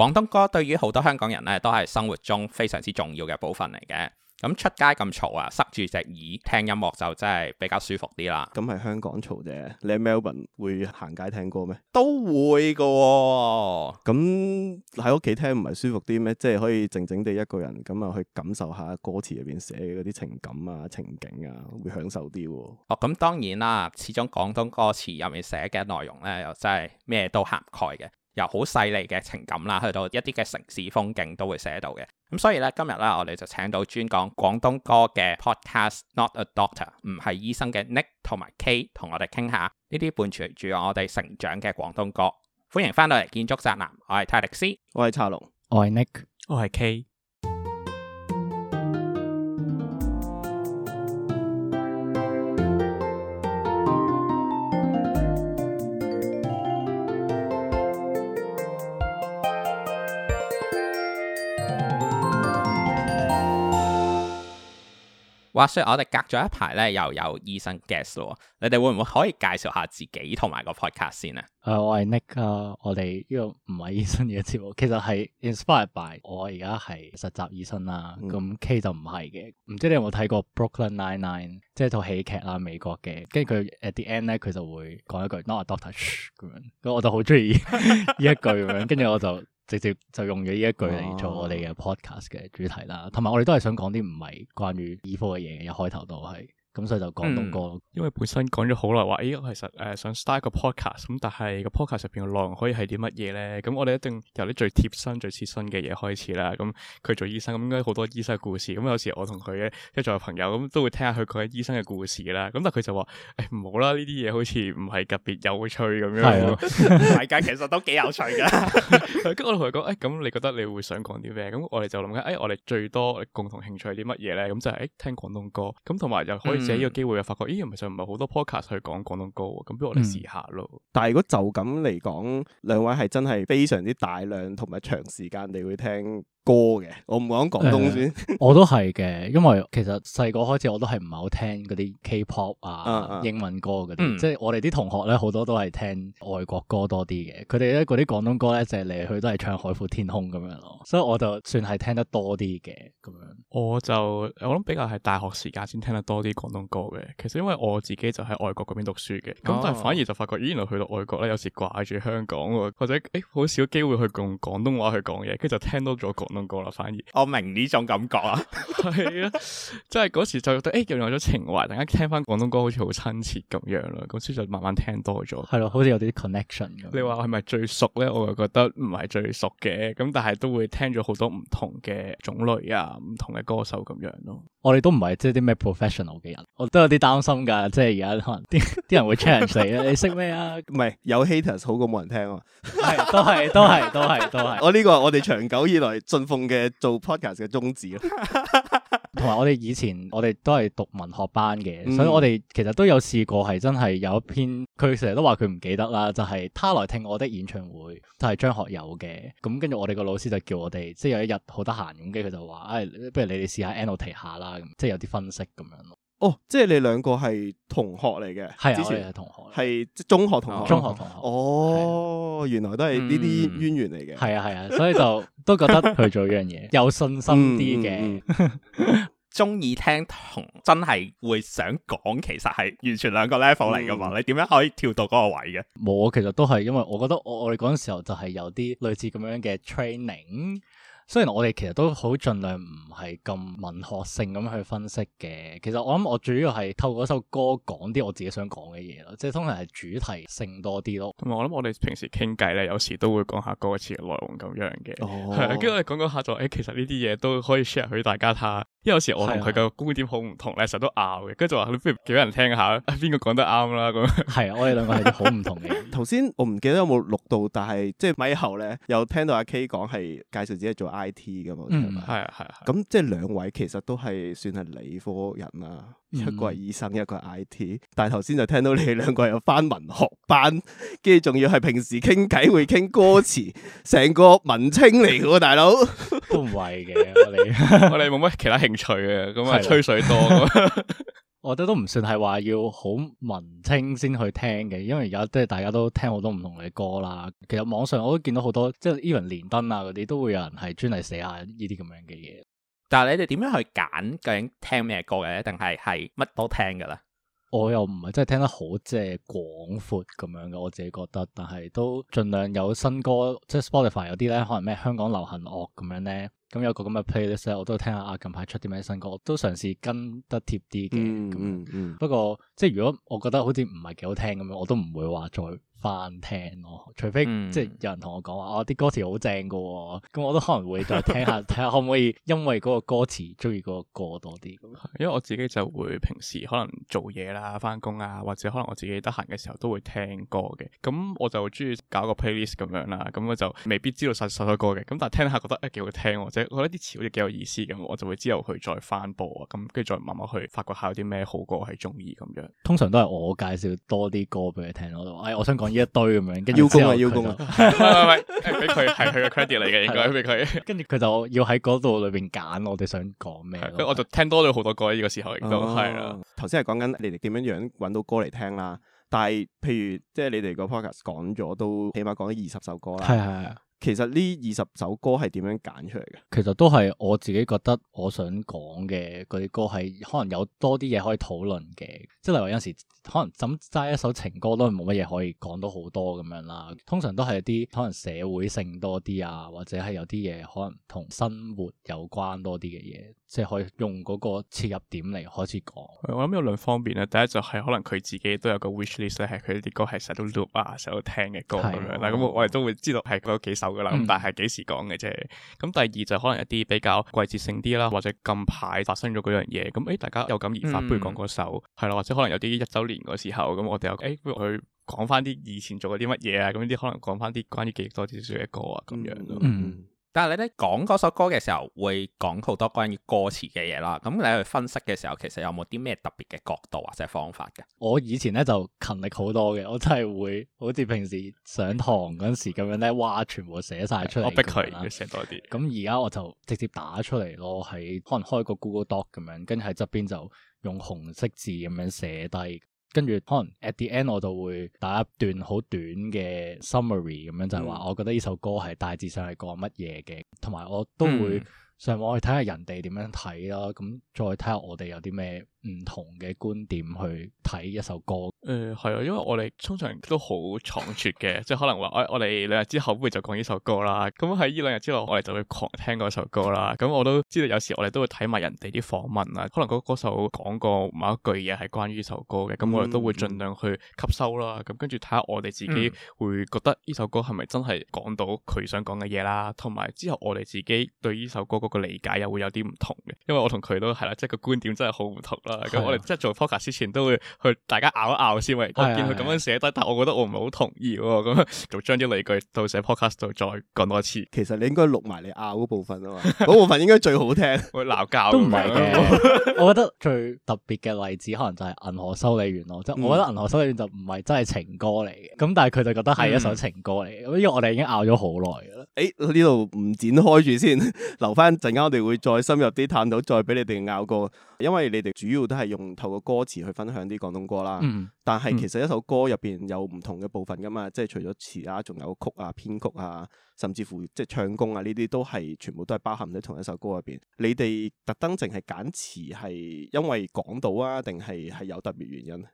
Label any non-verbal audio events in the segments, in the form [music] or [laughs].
廣東歌對於好多香港人咧，都係生活中非常之重要嘅部分嚟嘅。咁出街咁嘈啊，塞住隻耳聽音樂就真係比較舒服啲啦。咁係香港嘈啫，你喺 Melbourne 會行街聽歌咩？都會噶、哦。咁喺屋企聽唔係舒服啲咩？即、就、係、是、可以靜靜地一個人咁啊，去感受下歌詞入邊寫嘅嗰啲情感啊、情景啊，會享受啲。哦，咁、哦、當然啦，始終廣東歌詞入面寫嘅內容咧，又真係咩都涵蓋嘅。由好細膩嘅情感啦，去到一啲嘅城市風景都會寫到嘅。咁所以呢，今日呢，我哋就請到專講廣東歌嘅 podcast，Not a Doctor，唔係醫生嘅 Nick 同埋 K，同我哋傾下呢啲伴隨住我哋成長嘅廣東歌。歡迎翻到嚟建築宅男，我係泰迪斯，我係查龍，我係 Nick，我係 K。哇！所以我哋隔咗一排咧，又有醫生 guest 咯。你哋會唔會可以介紹下自己同埋個 podcast 先啊？誒，uh, 我係 Nick 啊、uh,。我哋呢個唔係醫生嘅節目，其實係 inspired by。我而家係實習醫生啦。咁 K、嗯、就唔係嘅。唔知你有冇睇過 Brooklyn、ok、Nine-Nine？即係、就是、套喜劇啦，美國嘅。跟住佢 at the end 咧，佢就會講一句 Not a doctor, shh, 咁樣。咁我就好中意呢一句咁樣。跟住我就。直接就用咗呢一句嚟做我哋嘅 podcast 嘅主題啦，同埋哇我哋都係想講啲唔係關於醫科嘅嘢，由開頭都係。咁所以就廣東歌咯、嗯，因為本身講咗好耐話，誒，其實誒想 start 個 podcast，咁但係個 podcast 入邊嘅內容可以係啲乜嘢咧？咁我哋一定由啲最貼身、最切身嘅嘢開始啦。咁、嗯、佢做醫生，咁應該好多醫生嘅故事。咁、嗯、有時我同佢即係作為朋友，咁都會聽下佢講醫生嘅故事、嗯欸、啦。咁但係佢就話，誒，唔好啦，呢啲嘢好似唔係特別有趣咁樣。係、啊，唔係噶，其實都幾有趣噶。 [laughs] [laughs] 嗯、我跟我同佢講，誒、欸，咁你覺得你會想講啲咩？咁我哋就諗緊，誒、欸，我哋最多共同興趣係啲乜嘢咧？咁就係、是，誒、欸，聽廣東歌，咁同埋又可以、嗯。借呢個機會又發覺，咦，唔係就唔係好多 podcast 去講廣東歌喎，咁不如我哋試下咯。嗯、但係如果就咁嚟講，兩位係真係非常之大量同埋長時間，你會聽歌嘅，我唔講廣東先、嗯， [laughs] 我都係嘅，因為其實細個開始我都係唔係好聽嗰啲 K-pop 啊、啊啊英文歌嗰啲，嗯、即係我哋啲同學咧好多都係聽外國歌多啲嘅，佢哋咧嗰啲廣東歌咧就嚟嚟去都係唱海闊天空咁樣咯，所以我就算係聽得多啲嘅咁樣。我就我諗比較係大學時間先聽得多啲廣東歌嘅，其實因為我自己就喺外國嗰邊讀書嘅，咁、哦、但係反而就發覺，咦，原來去到外國咧，有時掛住香港或者誒，好少機會去用廣東話去講嘢，跟住就聽多咗廣。唔同歌啦，反而我明呢種感覺 [laughs] 啊，係啊，即係嗰時就覺得誒、欸，又有咗情懷，突然間聽翻廣東歌好似好親切咁樣咯，咁之後慢慢聽多咗，係咯，好似有啲 connection 咁。你話係咪最熟咧？我又覺得唔係最熟嘅，咁但係都會聽咗好多唔同嘅種類啊，唔同嘅歌手咁樣咯。我哋都唔係即係啲咩 professional 嘅人，我都有啲擔心噶，即係而家可能啲啲人會 challenge 你。你識咩啊？唔係，有 haters 好過冇人聽啊，係都係都係都係都係。我呢個係我哋長久以來信奉嘅做 podcast 嘅宗旨咯。同埋我哋以前我哋都係讀文學班嘅，所以我哋其實都有試過係真係有一篇，佢成日都話佢唔記得啦，就係他來聽我的演唱會，就係張學友嘅。咁跟住我哋個老師就叫我哋，即係有一日好得閒咁，跟住佢就話，誒，不如你哋試下 annotate 下啦。即係有啲分析咁樣咯。哦，即係你兩個係同學嚟嘅，係啊，之前 我哋係同學，係即中學同學，中學同學。同學哦，啊、原來都係呢啲淵源嚟嘅。係、嗯、啊，係啊，所以就都覺得去做呢樣嘢有信心啲嘅，中意 [laughs] 聽同真係會想講。其實係完全兩個 level 嚟噶嘛？嗯、你點樣可以跳到嗰個位嘅？冇、嗯，其實都係因為我覺得我我哋嗰陣時候就係有啲類似咁樣嘅 training。雖然我哋其實都好盡量唔係咁文學性咁去分析嘅，其實我諗我主要係透過首歌講啲我自己想講嘅嘢咯，即係通常係主題性多啲咯。同埋我諗我哋平時傾偈咧，有時都會講下歌詞嘅內容咁樣嘅，哦，係啊，跟住我哋講講下就誒，其實呢啲嘢都可以 share 佢大家睇下，因為有時我同佢嘅觀點好唔同咧，成日的都拗嘅，跟住就話不如叫人聽，聽下，邊個講得啱啦咁。係啊，我哋兩個係好唔同嘅。頭先 [laughs] 我唔記得有冇錄到，但係即係尾後咧，有聽到阿 K 講係介紹自己做 I T 噶嘛，係咪？係啊、嗯，係咁即係兩位其實都係算係理科人啦，啊，一個係醫生，一個 I T。但係頭先就聽到你兩位又返文學班，跟住仲要係平時傾偈會傾歌詞，成 [laughs] 個文青嚟噶喎，大佬，都唔係嘅。 [laughs] 我哋我哋冇乜其他興趣啊，咁啊吹水多。的 [laughs] 我覺得都唔算係話要好文青先去聽嘅，因為而家即係大家都聽好多唔同嘅歌啦。其實網上我都見到好多，即係 even 連登啊嗰啲都會有人係專嚟寫下呢啲咁樣嘅嘢。但係你哋點樣去揀？究竟聽咩歌嘅？定係係乜都聽嘅咧？我又唔係真係聽得好即係廣闊咁樣嘅，我自己覺得。但係都盡量有新歌，即係 Spotify 有啲咧，可能咩香港流行樂咁樣咧。咁有個咁嘅 playlist 我都聽下近排出啲咩新歌，我都嘗試跟得貼啲嘅。不過，嗯，即如果我覺得好似唔係幾好聽咁樣，我都唔會話再翻聽咯，除非、嗯、即係有人同我講話，我、哦、啲歌詞好正㗎、啊，咁我都可能會再聽下，睇下可唔可以因為嗰個歌詞鍾意嗰個歌多啲。因為我自己就會平時可能做嘢啦、返工啊，或者可能我自己得閒嘅時候都會聽歌嘅。咁我就鍾意搞個 playlist 咁樣啦。咁我就未必知道實實首歌嘅，咁但係聽下覺得誒幾好聽或者覺得啲詞好似幾有意思咁，我就會之後去再翻播啊。咁跟住再慢慢去發掘下有啲咩好歌我係鍾意咁樣。通常都係我介紹多啲歌俾佢聽咯。誒、哎，我想講。一堆咁樣，邀功啊邀功啊！唔唔唔，係俾佢，啊，係佢嘅 credit 嚟嘅，應該俾佢。跟住佢就要喺嗰度裏邊揀，我哋想講咩，我就聽多咗好多歌。呢、哦、個時候亦都係啦。頭先係講緊你哋點樣樣搵到歌嚟聽啦，但係譬如即係你哋個 Podcast 講咗都起碼講咗二十首歌啦。係係。其實呢二十首歌係點樣揀出嚟嘅？其實都係我自己覺得我想講嘅嗰啲歌，係可能有多啲嘢可以討論嘅。即係例如有陣時，可能就咁齋一首情歌都係冇乜嘢可以講到好多咁樣啦。通常都係一啲可能社會性多啲啊，或者係有啲嘢可能同生活有關多啲嘅嘢。即係可以用嗰個切入點嚟開始講。我諗有兩方面啊，第一就係可能佢自己都有個 wish list 咧，係佢啲歌係成日都 loop 啊，成日都聽嘅歌咁樣。嗱咁我哋都會知道係嗰幾首噶啦。咁、嗯、但係幾時講嘅啫？咁第二就可能一啲比較季節性啲啦，或者近排發生咗嗰樣嘢。咁、嗯、誒大家有感而發，不如講嗰首係啦、嗯，或者可能有啲一,一周年嗰時候咁，我哋又、欸、不如去講翻啲以前做過啲乜嘢啊？咁啲可能講翻啲關於記憶多少少嘅歌啊，咁樣咯。嗯。嗯。但係你咧講嗰首歌嘅時候，會講好多關於歌詞嘅嘢啦。咁你去分析嘅時候，其實有冇啲咩特別嘅角度或者方法嘅？我以前咧就勤力好多嘅，我真係會好似平時上堂嗰時咁樣咧，哇，全部寫晒出嚟。我逼佢要寫多啲。咁而家我就直接打出嚟咯，喺可能開個 Google Doc 咁樣，跟住喺側邊就用紅色字咁樣寫低。跟住可能 at the end 我就會打一段好短嘅 summary 咁樣，就係話我覺得呢首歌係大致上係講乜嘢嘅，同埋我都會上網上去睇下人哋點樣睇啦、啊，咁再睇下我哋有啲咩。唔同嘅觀點去睇一首歌。嗯，誒，係啊，因為我哋通常都好倉促嘅， [laughs] 即係可能話，誒、哎、我哋兩日之後會就講呢首歌啦。咁喺呢兩日之後，我哋就會狂聽嗰首歌啦。咁我都知道有時我哋都會睇埋人哋啲訪問啊，可能嗰歌手講過某一句嘢係關於首歌嘅，咁、嗯、我哋都會盡量去吸收啦。咁跟住睇下我哋自己會覺得呢首歌係咪真係講到佢想講嘅嘢啦，同埋之後我哋自己對呢首歌嗰個理解又會有啲唔同嘅，因為我同佢都係啦，即係個觀點真係好唔同咁我哋即係做 podcast 之前都、啊、會去大家拗一拗先，咪我見佢咁樣寫低，啊、但係我覺得我唔係好同意喎。咁就將啲理據到寫 podcast 度再講多次。其實你應該錄埋你拗嗰部分啊嘛，嗰部分應該最好聽。 [laughs] 會鬧交都唔係嘅。 [laughs] [laughs] 我覺得最特別嘅例子可能就係銀河修理員咯，即係、嗯、我覺得銀河修理員就唔係真係情歌嚟嘅。咁但係佢就覺得係一首情歌嚟嘅，因為我哋已經拗咗好耐。誒，呢度唔展開住先，留翻陣間我哋會再深入啲探討，再俾你哋拗過。因為你哋主要都係用透過歌詞去分享啲廣東歌啦。嗯、但係其實一首歌入邊有唔同嘅部分噶嘛，嗯、即係除咗詞啊，仲有曲啊、編曲啊，甚至乎即係唱功啊呢啲都係全部都係包含喺同一首歌入邊。你哋特登淨係揀詞係因為講到啊，定係係有特別原因？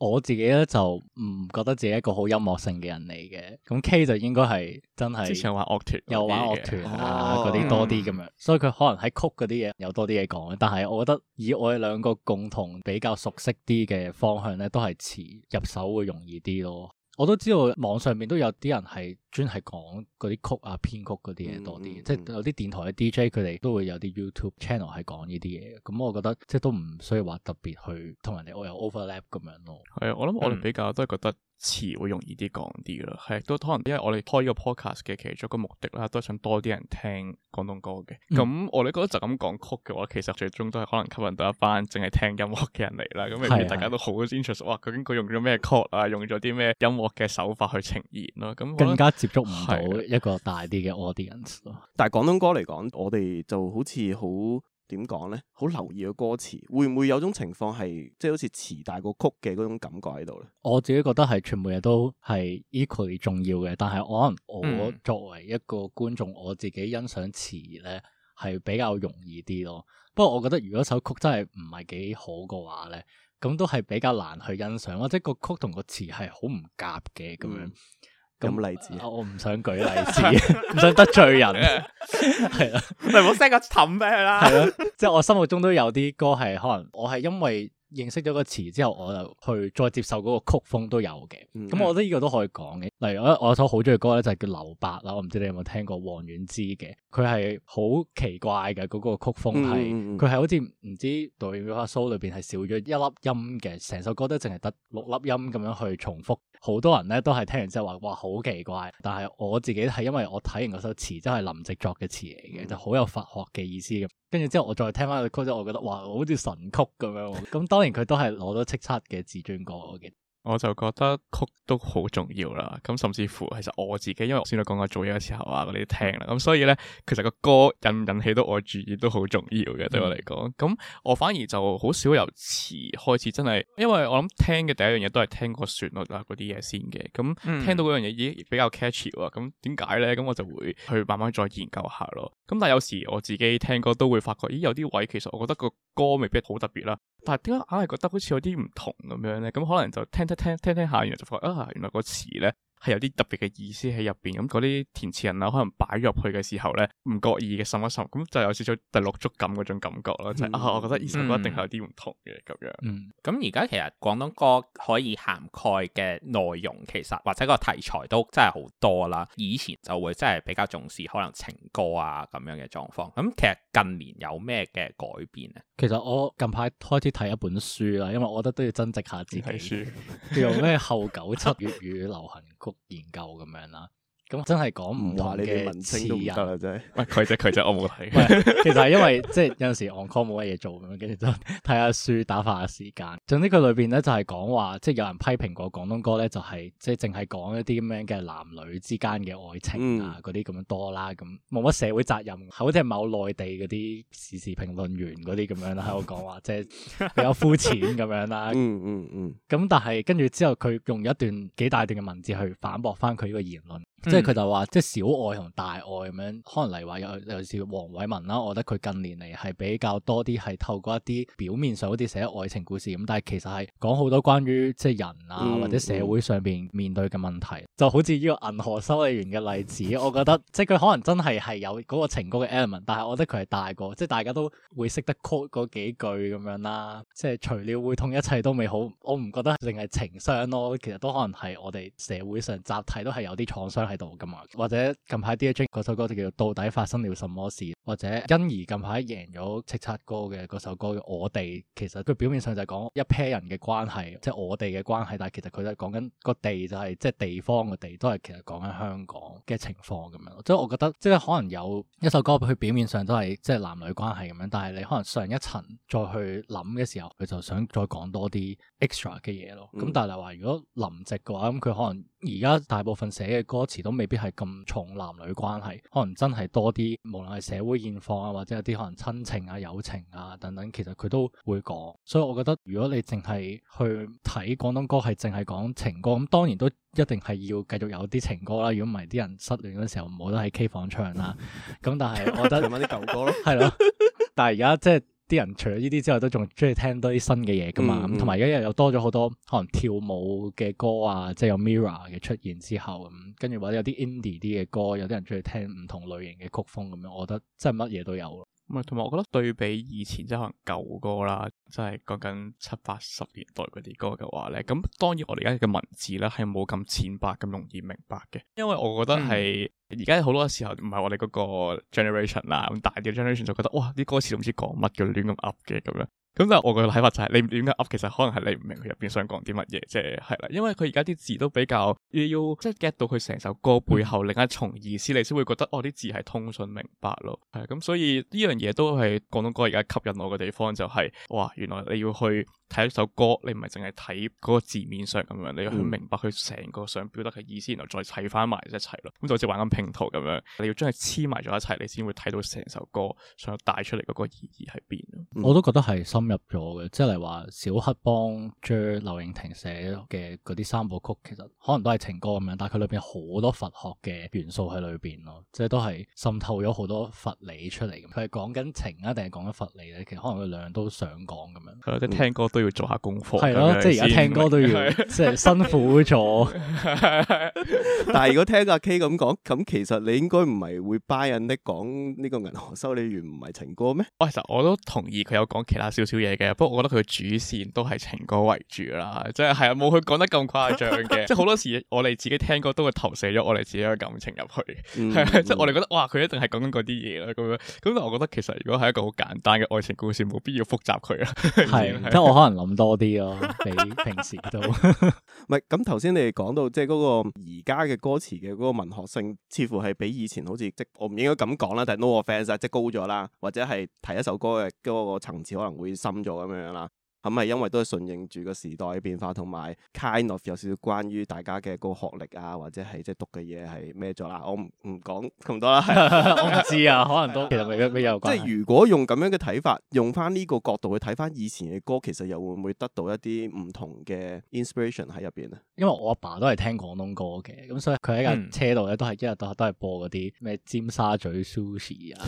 我自己咧就唔覺得自己係一個好音樂性嘅人嚟嘅，咁 K 就應該係真係，即係想玩樂團，又玩樂團啊嗰啲多啲咁樣，所以佢可能喺曲嗰啲嘢有多啲嘢講。但係我覺得以我哋兩個共同比較熟悉啲嘅方向咧，都係詞入，入手會容易啲咯。我都知道網上面都有啲人係專係講嗰啲曲啊編曲嗰啲嘢多啲，嗯嗯、即係有啲電台嘅 DJ 佢哋都會有啲 YouTube channel 係講呢啲嘢，咁我覺得即係都唔需要話特別去同人哋我有 overlap 咁樣咯。係啊，我諗我哋比較都係覺得、嗯。詞會容易啲講啲咯，係都可能，因為我哋開呢個 podcast 嘅其中一個目的啦，都想多啲人聽廣東歌嘅。咁、嗯、我哋覺得就咁講曲嘅話，其實最終都係可能吸引到一班淨係聽音樂嘅人嚟啦。咁如果大家都好 interest，的哇，究竟佢用咗咩曲啊，用咗啲咩音樂嘅手法去呈現咯。咁更加接觸唔到一個大啲嘅 audience 咯的。但係廣東歌嚟講，我哋就好似好。點講呢？好留意個歌詞，會唔會有種情況係即係好似詞大過曲嘅嗰種感覺喺度呢？我自己覺得係全部嘢都係 equally 重要嘅，但係我可能我作為一個觀眾，嗯、我自己欣賞詞呢係比較容易啲咯。不過我覺得如果一首曲真係唔係幾好嘅話呢，咁都係比較難去欣賞，或者個曲同個詞係好唔夾嘅咁樣。嗯咁例子，我唔想舉例子，唔 [laughs] 想得罪人，係啦 [laughs] 的，咪冇 send 個氹俾佢啦。係咯，即係我心目中都有啲歌係可能，我係因為，認識咗個詞之後，我就去再接受嗰個曲風都有嘅，咁、嗯、我覺得呢個都可以講嘅。例如我，我我有首好中意嘅歌咧，就係叫《留白》啦，我唔知你有冇聽過王菀之嘅，佢係好奇怪嘅嗰、那個曲風，係佢係好似唔知《Do You Remember》裏邊係少咗一粒音嘅，成首歌都淨係得六粒音咁樣去重複，好多人咧都係聽完之後話哇好奇怪，但係我自己係因為我睇完嗰首詞，真係林夕作嘅詞嚟嘅，就好、是、有佛學嘅意思嘅。跟住之後我再聽翻佢歌之後，我覺得哇，好似神曲咁樣，咁 [laughs] 當然佢都係攞咗叱咤嘅至尊歌，我記得。我就覺得曲都好重要啦，咁甚至乎其實我自己，因為我先都講過我做嘢嘅時候啊我哋都聽啦，咁所以咧，其實個歌引唔引起到我注意都好重要嘅，對我嚟講，咁、嗯、我反而就好少由詞開始，真係，因為我諗聽嘅第一樣嘢都係聽個旋律啊嗰啲嘢先嘅，咁聽到嗰樣嘢已經比較 catchy 喎，咁點解咧？咁我就會去慢慢再研究下咯，咁但係有時我自己聽歌都會發覺，咦，有啲位其實我覺得個歌未必好特別啦，但係點解硬係覺得好似有啲唔同咁樣咧？咁可能就聽。聽聽聽下，原來就覺得啊，原來個詞咧。係有啲特別嘅意思喺入邊，咁嗰啲填詞人啊，可能擺入去嘅時候咧，唔覺意嘅滲一滲，咁就有少少第六觸感嗰種感覺咯，即係、嗯就係啊、我覺得意思一定係有啲唔同嘅咁、嗯、樣。嗯，咁而家其實廣東歌可以涵蓋嘅內容，其實或者個題材都真係好多啦。以前就會真係比較重視可能情歌啊咁樣嘅狀況，咁其實近年有咩嘅改變啊？其實我近排開始睇一本書啦，因為我覺得都要增值下自己。睇書叫咩？《後九七粵語流行歌》。 [laughs] 研究咁樣啦、啊。咁真係講唔你嘅文字都得啦，真係。佢啫、 [laughs] 啊，佢啫、就是就是，我冇睇。 [laughs] 其實係因為即係有陣時 on call 冇乜嘢做咁樣，跟住就睇下書打發下時間。總之佢裏邊咧就係講話，即係有人批評過廣東歌咧，就係、是、即係淨係講一啲咁樣嘅男女之間嘅愛情啊，嗰啲咁樣多啦，咁冇乜社會責任，好似係某內地嗰啲時事評論員嗰啲咁樣啦，喺度講話即係 [laughs] 比較膚淺咁樣啦、嗯。嗯嗯嗯。咁但係跟住之後，佢用一段幾大段嘅文字去反駁翻佢呢個言論。即係佢就話，即係小愛同大愛咁樣，可能嚟話有有似黃偉文啦。我覺得佢近年嚟係比較多啲係透過一啲表面上好似寫愛情故事咁，但係其實係講好多關於即係人啊或者社會上邊面，面對嘅問題。嗯嗯、就好似呢個銀河修理員嘅例子，我覺得 [laughs] 即係佢可能真係係有嗰個情歌嘅 element，但係我覺得佢係大過，即係大家都會識得 quote 嗰幾句咁樣啦。即係除了會痛，一切都未好，我唔覺得淨係情傷咯。其實都可能係我哋社會上集體都係有啲創傷。喺度噶嘛？或者近排 DJ 嗰首歌就叫到底發生了什麼事？或者欣怡近排贏咗叱咤歌嘅嗰首歌嘅《我哋》，其實佢表面上就係講一 pair 人嘅關係，即係我哋嘅關係，但係其實佢都係講緊個地、就是，就係即係地方嘅地，都係其實講緊香港嘅情況咁樣。咯，即係我覺得，即係可能有一首歌佢表面上都係即係男女關係咁樣，但係你可能上一層再去諗嘅時候，佢就想再講多啲 extra 嘅嘢咯。咁、嗯、但係話如果林夕嘅話，咁佢可能。而家大部分寫嘅歌詞都未必係咁重男女關係，可能真係多啲，無論係社會現況啊，或者有啲可能親情啊、友情啊等等，其實佢都會講。所以我覺得如果你淨係去睇廣東歌，係淨係講情歌，咁當然都一定係要繼續有啲情歌啦。如果唔係，啲人失戀嗰時候唔好得喺 K 房唱啦。咁 [laughs] 但係我覺得唱啲舊歌咯，係咯。但係而家即係。啲人除咗呢啲之外，都仲中意聽多啲新嘅嘢噶嘛，咁同埋而家又有多咗好多可能跳舞嘅歌啊，即係有 Mirror 嘅出現之後，咁跟住或者有啲 Indie 啲嘅歌，有啲人中意聽唔同類型嘅曲風咁樣，我覺得真係乜嘢都有咯。同埋，我覺得對比以前即可能舊歌啦，即係講緊七八十年代嗰啲歌嘅話咧，咁當然我哋而家嘅文字咧係冇咁淺白咁容易明白嘅，因為我覺得係而家好多時候唔係我哋嗰個 generation 啦，大啲嘅 generation 就覺得哇啲歌詞都唔知講乜，嘅亂咁噏嘅咁樣。咁就我個睇法就係、是、你點解噏，其實可能係你唔明佢入邊想講啲乜嘢，即係係啦，因為佢而家啲字都比較要即係 get 到佢成首歌背後、嗯、另一重意思，你先會覺得哦啲字係通順明白咯。係咁、嗯，所以呢樣嘢都係廣東歌而家吸引我嘅地方、就是，就係哇原來你要去睇一首歌，你唔係淨係睇嗰個字面上咁樣，你要去明白佢成個想表達嘅意思，然後再砌翻埋一齊咯。咁、嗯、就好似玩緊拼圖咁樣，你要將佢黐埋咗一齊，你先會睇到成首歌想帶出嚟嗰個意義喺邊。嗯、我都覺得係入咗嘅，即係嚟話小黑幫 Jer 柳應廷寫嘅嗰啲三部曲其，其實可能都係情歌咁樣，但係佢裏邊好多佛學嘅元素喺裏邊咯，即係都係滲透咗好多佛理出嚟。佢係講緊情啊，定係講緊佛理咧？其實可能佢兩樣都想講咁樣。佢咯，即係聽歌都要做下功課。係咯的，即係而家聽歌都要，即係 [laughs] 辛苦咗。 [laughs] [laughs] 但係如果聽阿 K 咁講，咁其實你應該唔係會 buy in 的講呢個銀河修理員唔係情歌咩？其實我都同意佢有講其他小少嘢嘅，不過我覺得佢嘅主線都係情歌為主啦，即係係啊，冇佢講得咁誇張嘅， [laughs] 即係好多時我哋自己聽過都會投射咗我哋自己嘅感情入去，嗯、是即係我哋覺得哇，佢一定係講緊嗰啲嘢啦咁樣，咁但我覺得其實如果係一個好簡單嘅愛情故事，冇必要複雜佢啦。係，即係我可能諗多啲咯、啊，比 [laughs] 平時都 [laughs] [laughs] 唔係，咁頭先你講到即係嗰個而家嘅歌詞嘅嗰個文學性，似乎係比以前好似即、就是、我唔應該咁講啦，但係 No offence 即高咗啦，或者係提一首歌嘅嗰個層次可能會。深咗咁樣啦。咁係因為都係順應住個時代嘅變化，同埋 kind of 有少少關於大家嘅個學歷啊，或者係即係讀嘅嘢係咩咗啦？啊、我唔唔講咁多啦，啊、 [laughs] 我唔知啊，可能都其實未必有關、啊。即係如果用咁樣嘅睇法，用翻呢個角度去睇翻以前嘅歌，其實又會唔會得到一啲唔同嘅 inspiration 喺入邊咧？因為我阿爸，爸都係聽廣東歌嘅，咁所以佢喺架車度咧都係一日到黑都係播嗰啲咩尖沙咀 sushi 啊，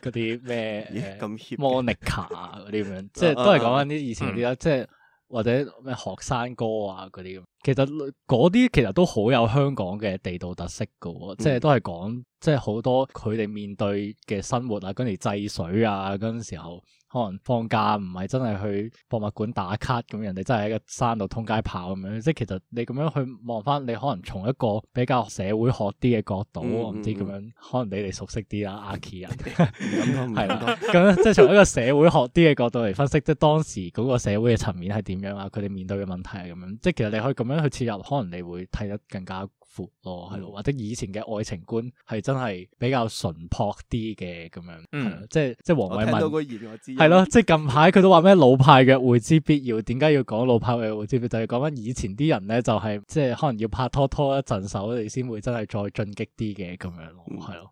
嗰啲咩 Monica 啊嗰啲咁樣，即、就、係、是、都係講緊啲。以前啲啦，即係或者咩學生歌啊嗰啲咁。其實嗰啲其實都好有香港嘅地道特色噶，即係都係講，即係好多佢哋面對嘅生活啊，跟住制水啊，嗰陣時候可能放假唔係真係去博物館打卡咁，人哋真係喺個山度通街跑咁樣。即係其實你咁樣去望翻，你可能從一個比較社會學啲嘅角度，嗯嗯，唔知咁樣，可能你哋熟悉啲啦，阿 key 人，係啦， [laughs] [laughs] 咁即係從一個社會學啲嘅角度嚟分析，即係當時嗰個社會嘅層面係點樣啊？佢哋面對嘅問題係咁樣，即係其實你可以咁。咁樣去切入，可能你會睇得更加。咯，係咯，或者以前嘅愛情觀係真係比較淳樸啲嘅咁樣，係即係即係黃偉文，我聽到個言我知，係咯，即係近排佢都話咩老派嘅「約會之必要，點解要講老派嘅「約會之必要，就係講返以前啲人咧，就係即係可能要拍拖拖一陣手，你先會真係再進擊啲嘅咁樣咯，係咯，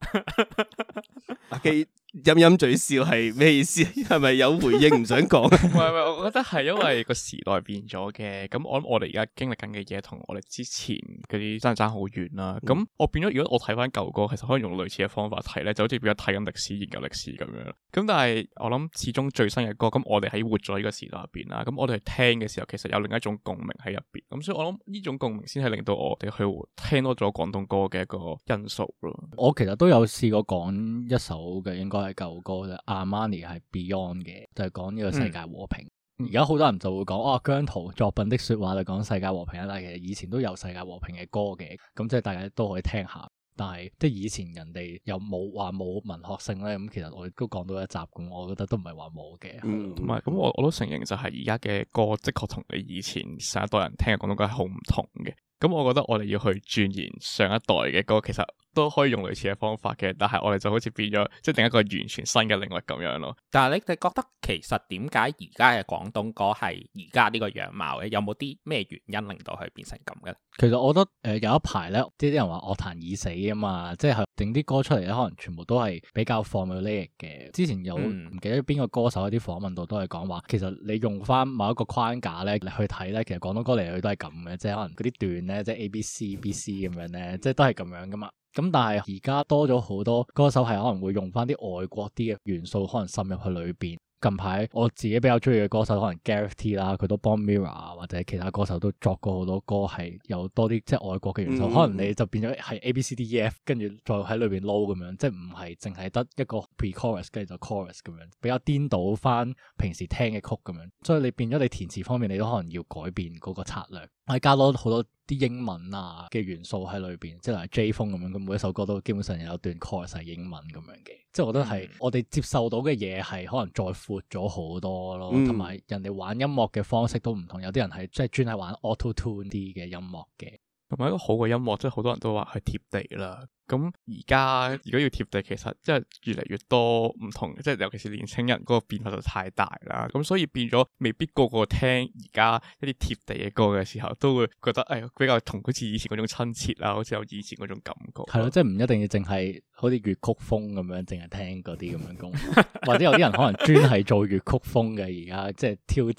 阿基陰陰嘴笑係咩意思？係咪有回應唔想講？係係，我覺得係因為個時代變咗嘅，咁我諗我哋而家經歷緊嘅嘢，同我哋之前嗰啲好遠啦，咁、啊、我變咗如果我睇翻舊歌，其實可以用類似嘅方法睇咧，就好似變咗睇緊歷史、研究歷史咁樣。咁但係我諗始終最新嘅歌，咁我哋喺活咗呢個時代入邊啦，咁我哋聽嘅時候，其實有另一種共鳴喺入邊。咁所以我諗呢種共鳴先係令到我哋去聽多咗廣東歌嘅一個因素咯。我其實都有試過講一首嘅，應該係舊歌啫，Amani 係 Beyond 嘅，就係講呢個世界和平。嗯而家好多人就會講，哦、啊，姜濤作品的説話就講世界和平啊！但係其實以前都有世界和平嘅歌嘅，咁即係大家都可以聽下。但係即係以前人哋又冇話冇文學性咧，咁其實我哋都講到一集，咁我覺得都唔係話冇嘅。嗯，同埋咁我我都承認就係而家嘅歌，的確同你以前上一代人聽嘅廣東歌係好唔同嘅。咁我覺得我哋要去鑽研上一代嘅歌，其實。都可以用類似嘅方法嘅，但係我哋就好似變咗，即係定一個完全新嘅領域咁樣咯。但係你哋覺得其實點解而家嘅廣東歌係而家呢個樣貌嘅？有冇啲咩原因令到佢變成咁嘅？其實我覺得誒、呃、有一排咧，有啲人話樂壇已死啊嘛，即係整啲歌出嚟咧，可能全部都係比較 formula 嘅。之前有唔、嗯、記得邊個歌手喺啲訪問度都係講話，其實你用翻某一個框架咧，你去睇咧，其實廣東歌嚟嚟去去都係咁嘅，即係可能嗰啲段咧，即係 A B C B C 咁樣咧，即係都係咁樣噶嘛。咁但係而家多咗好多歌手係可能會用翻啲外國啲嘅元素，可能滲入去裏邊。近排我自己比較中意嘅歌手可能 Gareth T 啦，佢都幫 Mirror 或者其他歌手都作過好多歌，係有多啲即係外國嘅元素。嗯、可能你就變咗係 A B C D E F，跟住再喺裏邊撈咁樣，即係唔係淨係得一個 pre chorus 跟住就 chorus 咁樣，比較顛倒翻平時聽嘅曲咁樣。所以你變咗你填詞方面，你都可能要改變嗰個策略。係加多好多啲英文啊嘅元素喺裏邊，即係 J 風咁樣，咁每一首歌都基本上有段 chorus 係英文咁樣嘅，即係我覺得係我哋接受到嘅嘢係可能再闊咗好多咯，同埋、嗯、人哋玩音樂嘅方式都唔同，有啲人係即係專係玩 auto tune 啲嘅音樂嘅，同埋一個好嘅音樂，即係好多人都話係貼地啦。咁而家如果要貼地，其實即係越嚟越多唔同，即係尤其是年青人嗰個變化就太大啦。咁所以變咗未必個個聽而家一啲貼地嘅歌嘅時候，都會覺得誒、哎、比較同好似以前嗰種親切啊，好似有以前嗰種感覺。係咯，即係唔一定要淨係好似粵曲風咁樣，淨係聽嗰啲咁樣歌， [laughs] 或者有啲人可能專係做粵曲風嘅而家，即係挑戰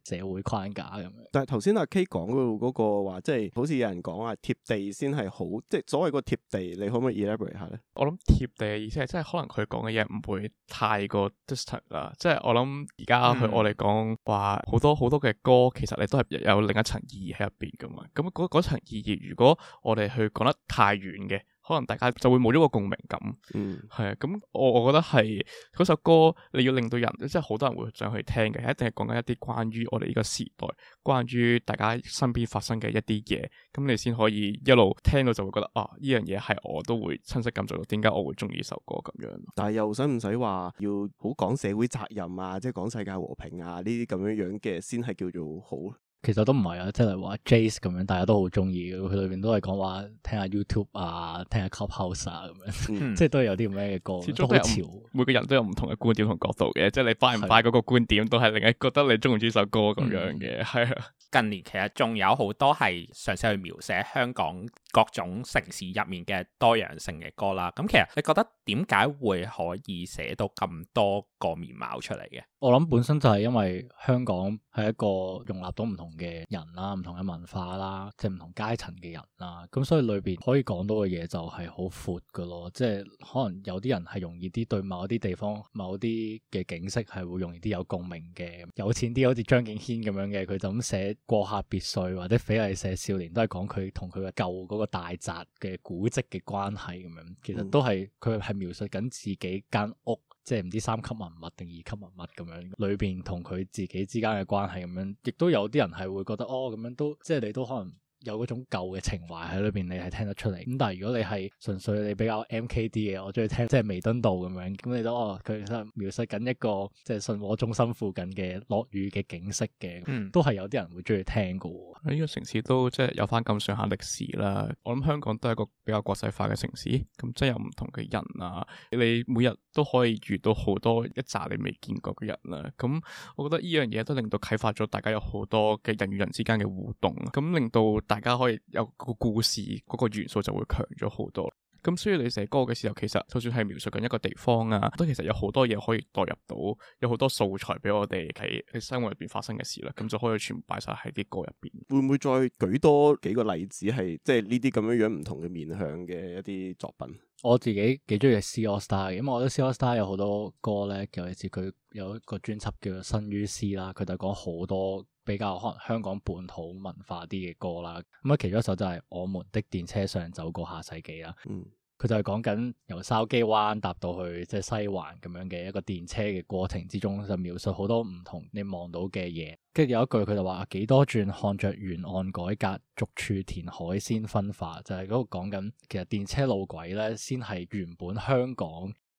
嘅社會框架咁樣。 [laughs] 但係頭先阿 K 講到嗰個話、嗰個，即係好似有人講話貼地先係好，即係所謂個貼地你做乜嘢啦？佢哋下咧，我諗貼地嘅意思係，即係可能佢講嘅嘢唔會太過 distant 啦。即係我諗而家佢我哋講話好、嗯、多好多嘅歌，其實你都係有另一層意義喺入邊噶嘛。咁嗰嗰層意義如果我哋去講得太遠嘅，可能大家就會冇咗個共鳴感，係啊、嗯，咁我我覺得係嗰首歌你要令到人即係好多人會想去聽嘅，一定係講緊一啲關於我哋呢個時代、關於大家身邊發生嘅一啲嘢，咁你先可以一路聽到就會覺得啊，呢樣嘢係我都會親身感受到，點解我會中意首歌咁樣？但係又使唔使話要好講社會責任啊，即係講世界和平啊呢啲咁樣樣嘅先係叫做好？其實都唔係啊，即係話 Jazz 咁樣，大家都好中意嘅。佢裏邊都係講話聽下 YouTube 啊，聽下 Clubhouse 啊咁樣，即係、嗯、都係有啲咁樣嘅歌。好潮，每個人都有唔同嘅觀點同角度嘅，即、就、係、是、你拜唔拜嗰個觀點，都係令你覺得你中唔中意首歌咁樣嘅。係、嗯、啊。近年其實仲有好多係嘗試去描寫香港各種城市入面嘅多樣性嘅歌啦。咁其實你覺得點解會可以寫到咁多個面貌出嚟嘅？我諗本身就係因為香港。係一個容納到唔同嘅人啦、唔同嘅文化啦、即係唔同階層嘅人啦，咁所以裏邊可以講到嘅嘢就係好闊噶咯，即係可能有啲人係容易啲對某一啲地方、某啲嘅景色係會容易啲有共鳴嘅。有錢啲，好似張敬軒咁樣嘅，佢就咁寫過客別墅或者匪麗社少年，都係講佢同佢嘅舊嗰個大宅嘅古蹟嘅關係咁樣。其實都係佢係描述緊自己間屋。即係唔知三級文物定二級文物咁樣，裏邊同佢自己之間嘅關係咁樣，亦都有啲人係會覺得哦，咁樣都即係你都可能。有嗰種舊嘅情懷喺裏邊，你係聽得出嚟。咁但係如果你係純粹你比較 M.K.D 嘅，我中意聽即係彌敦道咁樣。咁、嗯、你都哦，佢描述緊一個即係、就是、信和中心附近嘅落雨嘅景色嘅，都係有啲人會中意聽噶。喺呢、嗯、個城市都即係有翻咁上下歷史啦。我諗香港都係個比較國際化嘅城市，咁真有唔同嘅人啊！你每日都可以遇到好多一紮你未見過嘅人啦、啊。咁我覺得呢樣嘢都令到啟發咗大家有好多嘅人與人之間嘅互動，咁令到大家可以有個故事，嗰、那個元素就會強咗好多。咁所以你寫歌嘅時候，其實就算係描述緊一個地方啊，都其實有好多嘢可以代入到，有好多素材俾我哋喺喺生活入邊發生嘅事啦。咁就可以全部擺晒喺啲歌入邊。會唔會再舉多幾個例子？係即係呢啲咁樣樣唔同嘅面向嘅一啲作品。我自己幾中意 C All Star 嘅，因為我覺得 C All Star 有好多歌咧，尤其是佢有一個專輯叫做《生於斯》啦，佢就講好多。比較可能香港本土文化啲嘅歌啦，咁、嗯、啊其中一首就係、是、我們的電車上走過下世紀啦。嗯，佢就係講緊由筲箕灣搭到去即係西環咁樣嘅一個電車嘅過程之中，就描述好多唔同你望到嘅嘢。跟住有一句佢就話、啊、幾多轉看着沿岸改革，逐處填海先分化，就係嗰度講緊其實電車路軌呢，先係原本香港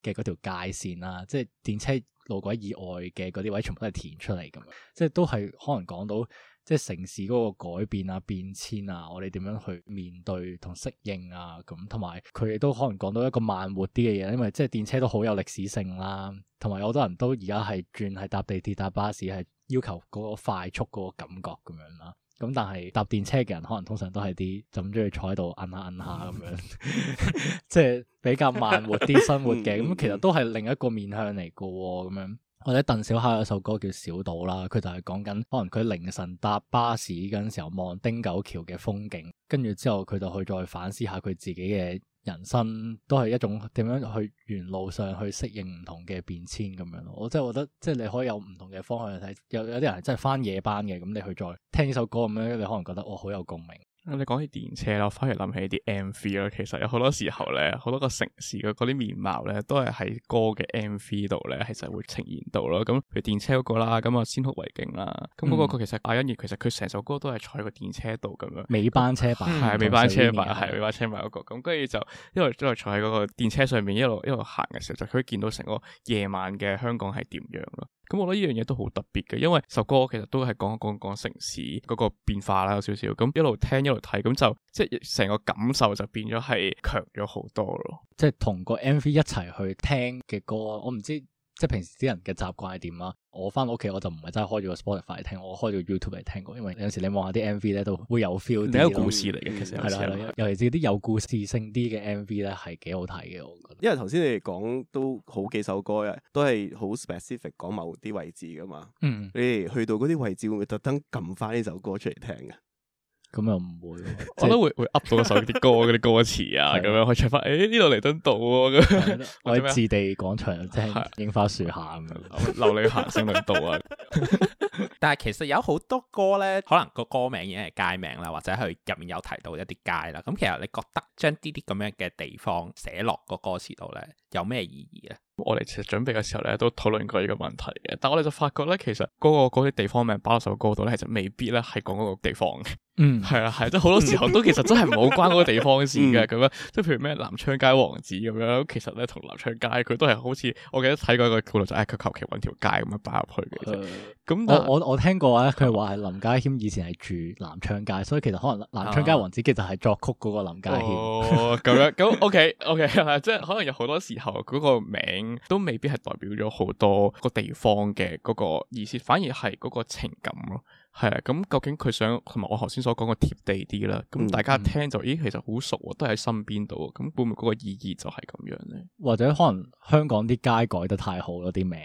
嘅嗰條界線啦、啊，即係電車。路軌以外嘅嗰啲位全部都係填出嚟咁，即係都係可能講到即係城市嗰個改變啊、變遷啊，我哋點樣去面對同適應啊咁，同埋佢亦都可能講到一個慢活啲嘅嘢，因為即係電車都好有歷史性啦，同埋好多人都而家係轉係搭地鐵、搭巴士係要求嗰個快速嗰個感覺咁樣啦。咁但係搭電車嘅人可能通常都係啲就咁中意坐喺度摁下摁下咁樣，嗯嗯嗯、 [laughs] 即係比較慢活啲生活嘅，咁其實都係另一個面向嚟嘅，哦。咁樣或者鄧小巧有首歌叫《小島》啦，佢就係講緊可能佢凌晨搭巴士嗰陣時候望汀九橋嘅風景，跟住之後佢就去再反思下佢自己嘅。人生都係一種點樣去沿路上去適應唔同嘅變遷咁樣咯，我真係覺得即係你可以有唔同嘅方向去睇，有有啲人真係返夜班嘅。咁你去再聽呢首歌咁樣，你可能覺得我好有共鳴。你哋講起電車啦，我反而諗起啲 M V 啦。其實有好多時候咧，好多個城市嘅嗰啲面貌咧，都係喺歌嘅 M V 度咧，其實會呈現到咯。咁譬如電車嗰、那個啦，咁啊先哭為敬啦，咁嗰個佢其實、嗯、阿欣宜，其實佢成首歌都係坐喺個電車度咁樣，尾班車吧，係尾 [laughs] 班車吧，係尾班車吧嗰、那個。咁跟住就一路一路坐喺嗰個電車上面，一路一路行嘅時候，就佢見到成個夜晚嘅香港係點樣咯。咁我覺得呢樣嘢都好特別嘅，因為首歌其實都係講一講一講城市嗰個變化啦，有少少咁一路聽一路睇，咁就即係成個感受就變咗係強咗好多咯。即係同個 MV 一齊去聽嘅歌，我唔知。即係平時啲人嘅習慣係點啦？我翻屋企我就唔係真係開咗個 Spotify 嚟聽，我開咗 YouTube 嚟聽過，因為有陣時你望下啲 MV 咧，都會有 feel 啲。你係故事嚟嘅，其實係啦，尤其是啲有故事性啲嘅 MV 咧，係幾好睇嘅，我覺得。因為頭先你哋講都好幾首歌啊，都係好 specific 講某啲位置噶嘛。嗯，你哋去到嗰啲位置會唔會特登撳翻呢首歌出嚟聽㗎？咁又唔會，我都會會噏到一首啲歌嗰啲歌詞啊，咁樣可以唱翻。誒，呢度彌敦道咁，喺置地廣場即係櫻花樹下咁，流里行星領導啊。但係其實有好多歌咧，可能個歌名已經係街名啦，或者係入面有提到一啲街啦。咁其實你覺得將啲啲咁樣嘅地方寫落個歌詞度咧，有咩意義咧？我哋其實準備嘅時候咧，都討論過呢個問題嘅。但係我哋就發覺咧，其實嗰個啲地方名擺落首歌度咧，其實未必咧係講嗰個地方嘅。嗯，係啦，啊，係，啊，即係好多時候都其實真係唔好關嗰個地方事嘅，咁、 [laughs] 嗯，樣，即係譬如咩南昌街王子咁樣，其實咧同南昌街佢都係好似，我記得睇過一個故事就係佢求其搵條街咁樣擺入去嘅啫。咁，嗯，我我我聽過咧，啊，佢話係林家謙以前係住南昌街，嗯，所以其實可能南昌街王子其實係作曲嗰個林家謙。哦，咁樣、 [laughs] 哦，咁 OK OK，即係可能有好多時候嗰個名都未必係代表咗好多個地方嘅嗰個意思，反而係嗰個情感咯。係啊，咁究竟佢想同埋我頭先所講個貼地啲啦，咁大家聽就，咦，欸，其實好熟喎，都喺身邊度啊，咁會唔會嗰個意義就係咁樣咧？或者可能香港啲街改得太好咗啲名，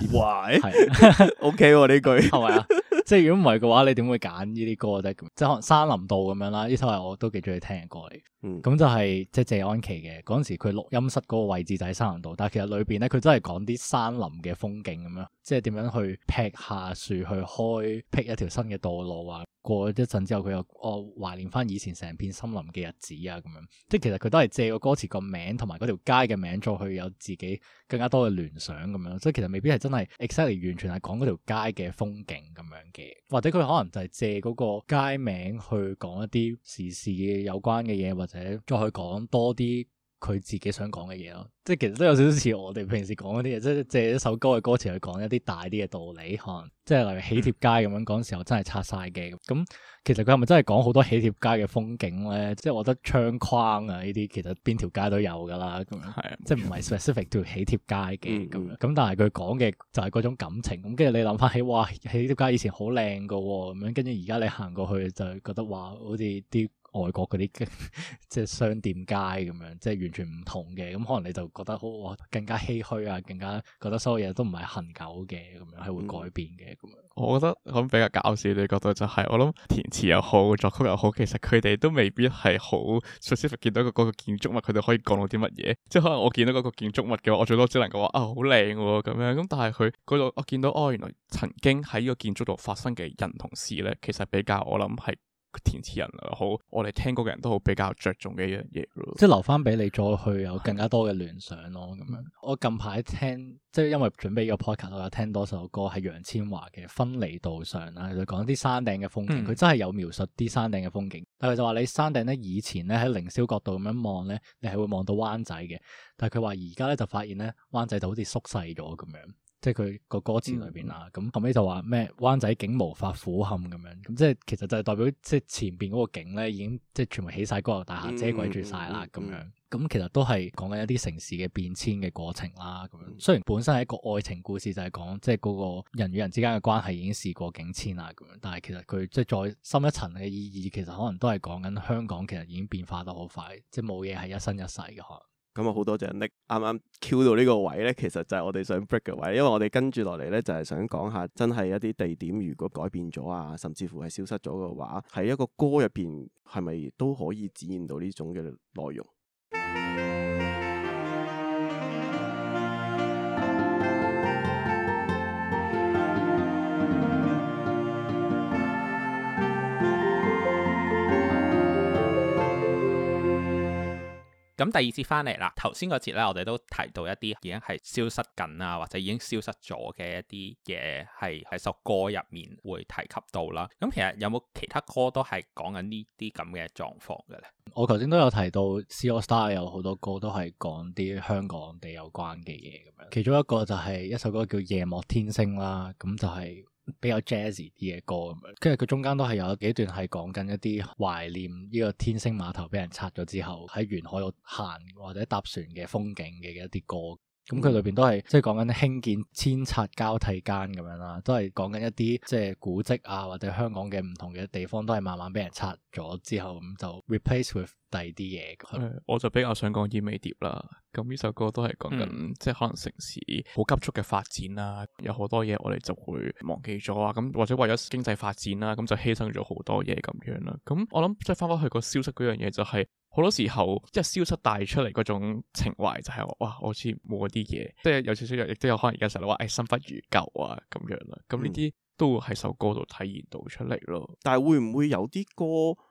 喂，h 係 OK 喎，呢句係咪啊？即係如果唔係嘅話，你點會揀呢啲歌啫？即係可能山林道咁樣啦，呢首係我都幾中意聽嘅歌嚟。咁、嗯、就係即係謝安琪嘅。嗰陣時佢錄音室嗰個位置就喺山林道，但係其實裏邊咧佢真係講啲山林嘅風景咁樣，即係點樣去劈下樹去開闢一條新嘅道路啊，過一陣之後，佢又哦懷念翻以前成片森林嘅日子啊，咁樣即係其實佢都係借個歌詞個名同埋嗰條街嘅名，再去有自己更加多嘅聯想咁樣，所以其實未必係真係 exactly 完全係講嗰條街嘅風景咁樣嘅，或者佢可能就係借嗰個街名去講一啲時事有關嘅嘢，或者再去講多啲。佢自己想講嘅嘢咯，即係其實都有少少似我哋平時講嗰啲嘢，即係借一首歌嘅歌詞去講一啲大啲嘅道理，可能即係例如喜帖街咁樣講，嗯、時候真係拆晒嘅。咁其實佢係咪真係講好多喜帖街嘅風景咧？即係我覺得窗框啊呢啲，其實邊條街都有噶啦，咁樣係啊，即係唔係 specific to 喜帖街嘅咁樣。咁、嗯、但係佢講嘅就係嗰種感情。咁跟住你諗翻起，哇，喜帖街以前好靚噶，咁樣跟住而家你行過去就係覺得話好似啲。外國嗰啲 [laughs] 即係商店街咁樣，即係完全唔同嘅，咁可能你就覺得好更加唏嘘啊，更加覺得所有嘢都唔係恆久嘅，咁樣係會改變嘅。咁、嗯咁樣，我覺得我比較搞笑你覺得就係、是，我諗填詞又好，作曲又好，其實佢哋都未必係好 specific 見到嗰個建築物，佢哋可以講到啲乜嘢。即係可能我見到嗰個建築物嘅話，我最多只能夠話，啊好靚咁樣。咁但係佢嗰度我見到哦，原來曾經喺呢個建築度發生嘅人同事咧，其實比較我諗係。填詞人啊，好，我哋聽歌嘅人都好比較着重嘅一樣嘢，即係留翻俾你再去有更加多嘅聯想咯，咁樣。我近排聽，即係因為準備個 podcast，我有聽多首歌係楊千嬅嘅《分離道上》啦，就講啲山頂嘅風景，佢、嗯、真係有描述啲山頂嘅風景。但係就話你山頂咧以前咧喺凌霄角度咁樣望咧，你係會望到灣仔嘅，但係佢話而家咧就發現咧灣仔就好似縮細咗咁樣。即係佢個歌詞裏邊啦，咁、嗯嗯、後尾就話咩灣仔景無法俯瞰咁樣，咁即係其實就係代表即係前邊嗰個景咧已經即係全部起晒，高樓大廈遮蓋住晒啦咁樣，咁其實都係講緊一啲城市嘅變遷嘅過程啦咁樣。雖然本身係一個愛情故事，就係、是、講即係嗰個人與人之間嘅關係已經事過境遷啦咁樣，但係其實佢即係再深一層嘅意義，其實可能都係講緊香港其實已經變化得好快，即係冇嘢係一生一世嘅可能。咁啊，好多謝 NICK，啱啱 Q 到呢個位咧，其實就係我哋想 break 嘅位，因為我哋跟住落嚟咧，就係想講下真係一啲地點如果改變咗啊，甚至乎係消失咗嘅話，喺一個歌入邊係咪都可以展現到呢種嘅內容？ [music] 咁第二節翻嚟啦，頭先嗰節咧，我哋都提到一啲已經係消失緊啊，或者已經消失咗嘅一啲嘢，係喺首歌入面會提及到啦。咁其實有冇其他歌都係講緊呢啲咁嘅狀況嘅咧？我頭先都有提到，C AllStar 有好多歌都係講啲香港地有關嘅嘢咁樣，其中一個就係一首歌叫《夜幕天星》啦，咁就係、是。比較 jazzy 啲嘅歌咁樣，跟住佢中間都係有一幾段係講緊一啲懷念呢個天星碼頭俾人拆咗之後喺沿海度行或者搭船嘅風景嘅一啲歌。咁佢、嗯、裏邊都係即係講緊興建、遷拆交替間咁樣啦，都係講緊一啲即係古跡啊，或者香港嘅唔同嘅地方都係慢慢俾人拆咗之後，咁就 replace with 第二啲嘢。係、嗯，我就比較想講《燕尾蝶》啦。咁呢首歌都係講緊，嗯、即係可能城市好急速嘅發展啦，有好多嘢我哋就會忘記咗啊。咁或者為咗經濟發展啦，咁就犧牲咗好多嘢咁樣啦。咁我諗即係翻返去個消息嗰樣嘢就係、是。好多時候即係消失帶出嚟嗰種情懷就係話，哇我好似冇嗰啲嘢，即係有少少亦都有可能，有時候你話誒新不如舊啊咁樣啦，咁呢啲都會喺首歌度體現到出嚟咯。嗯、但係會唔會有啲歌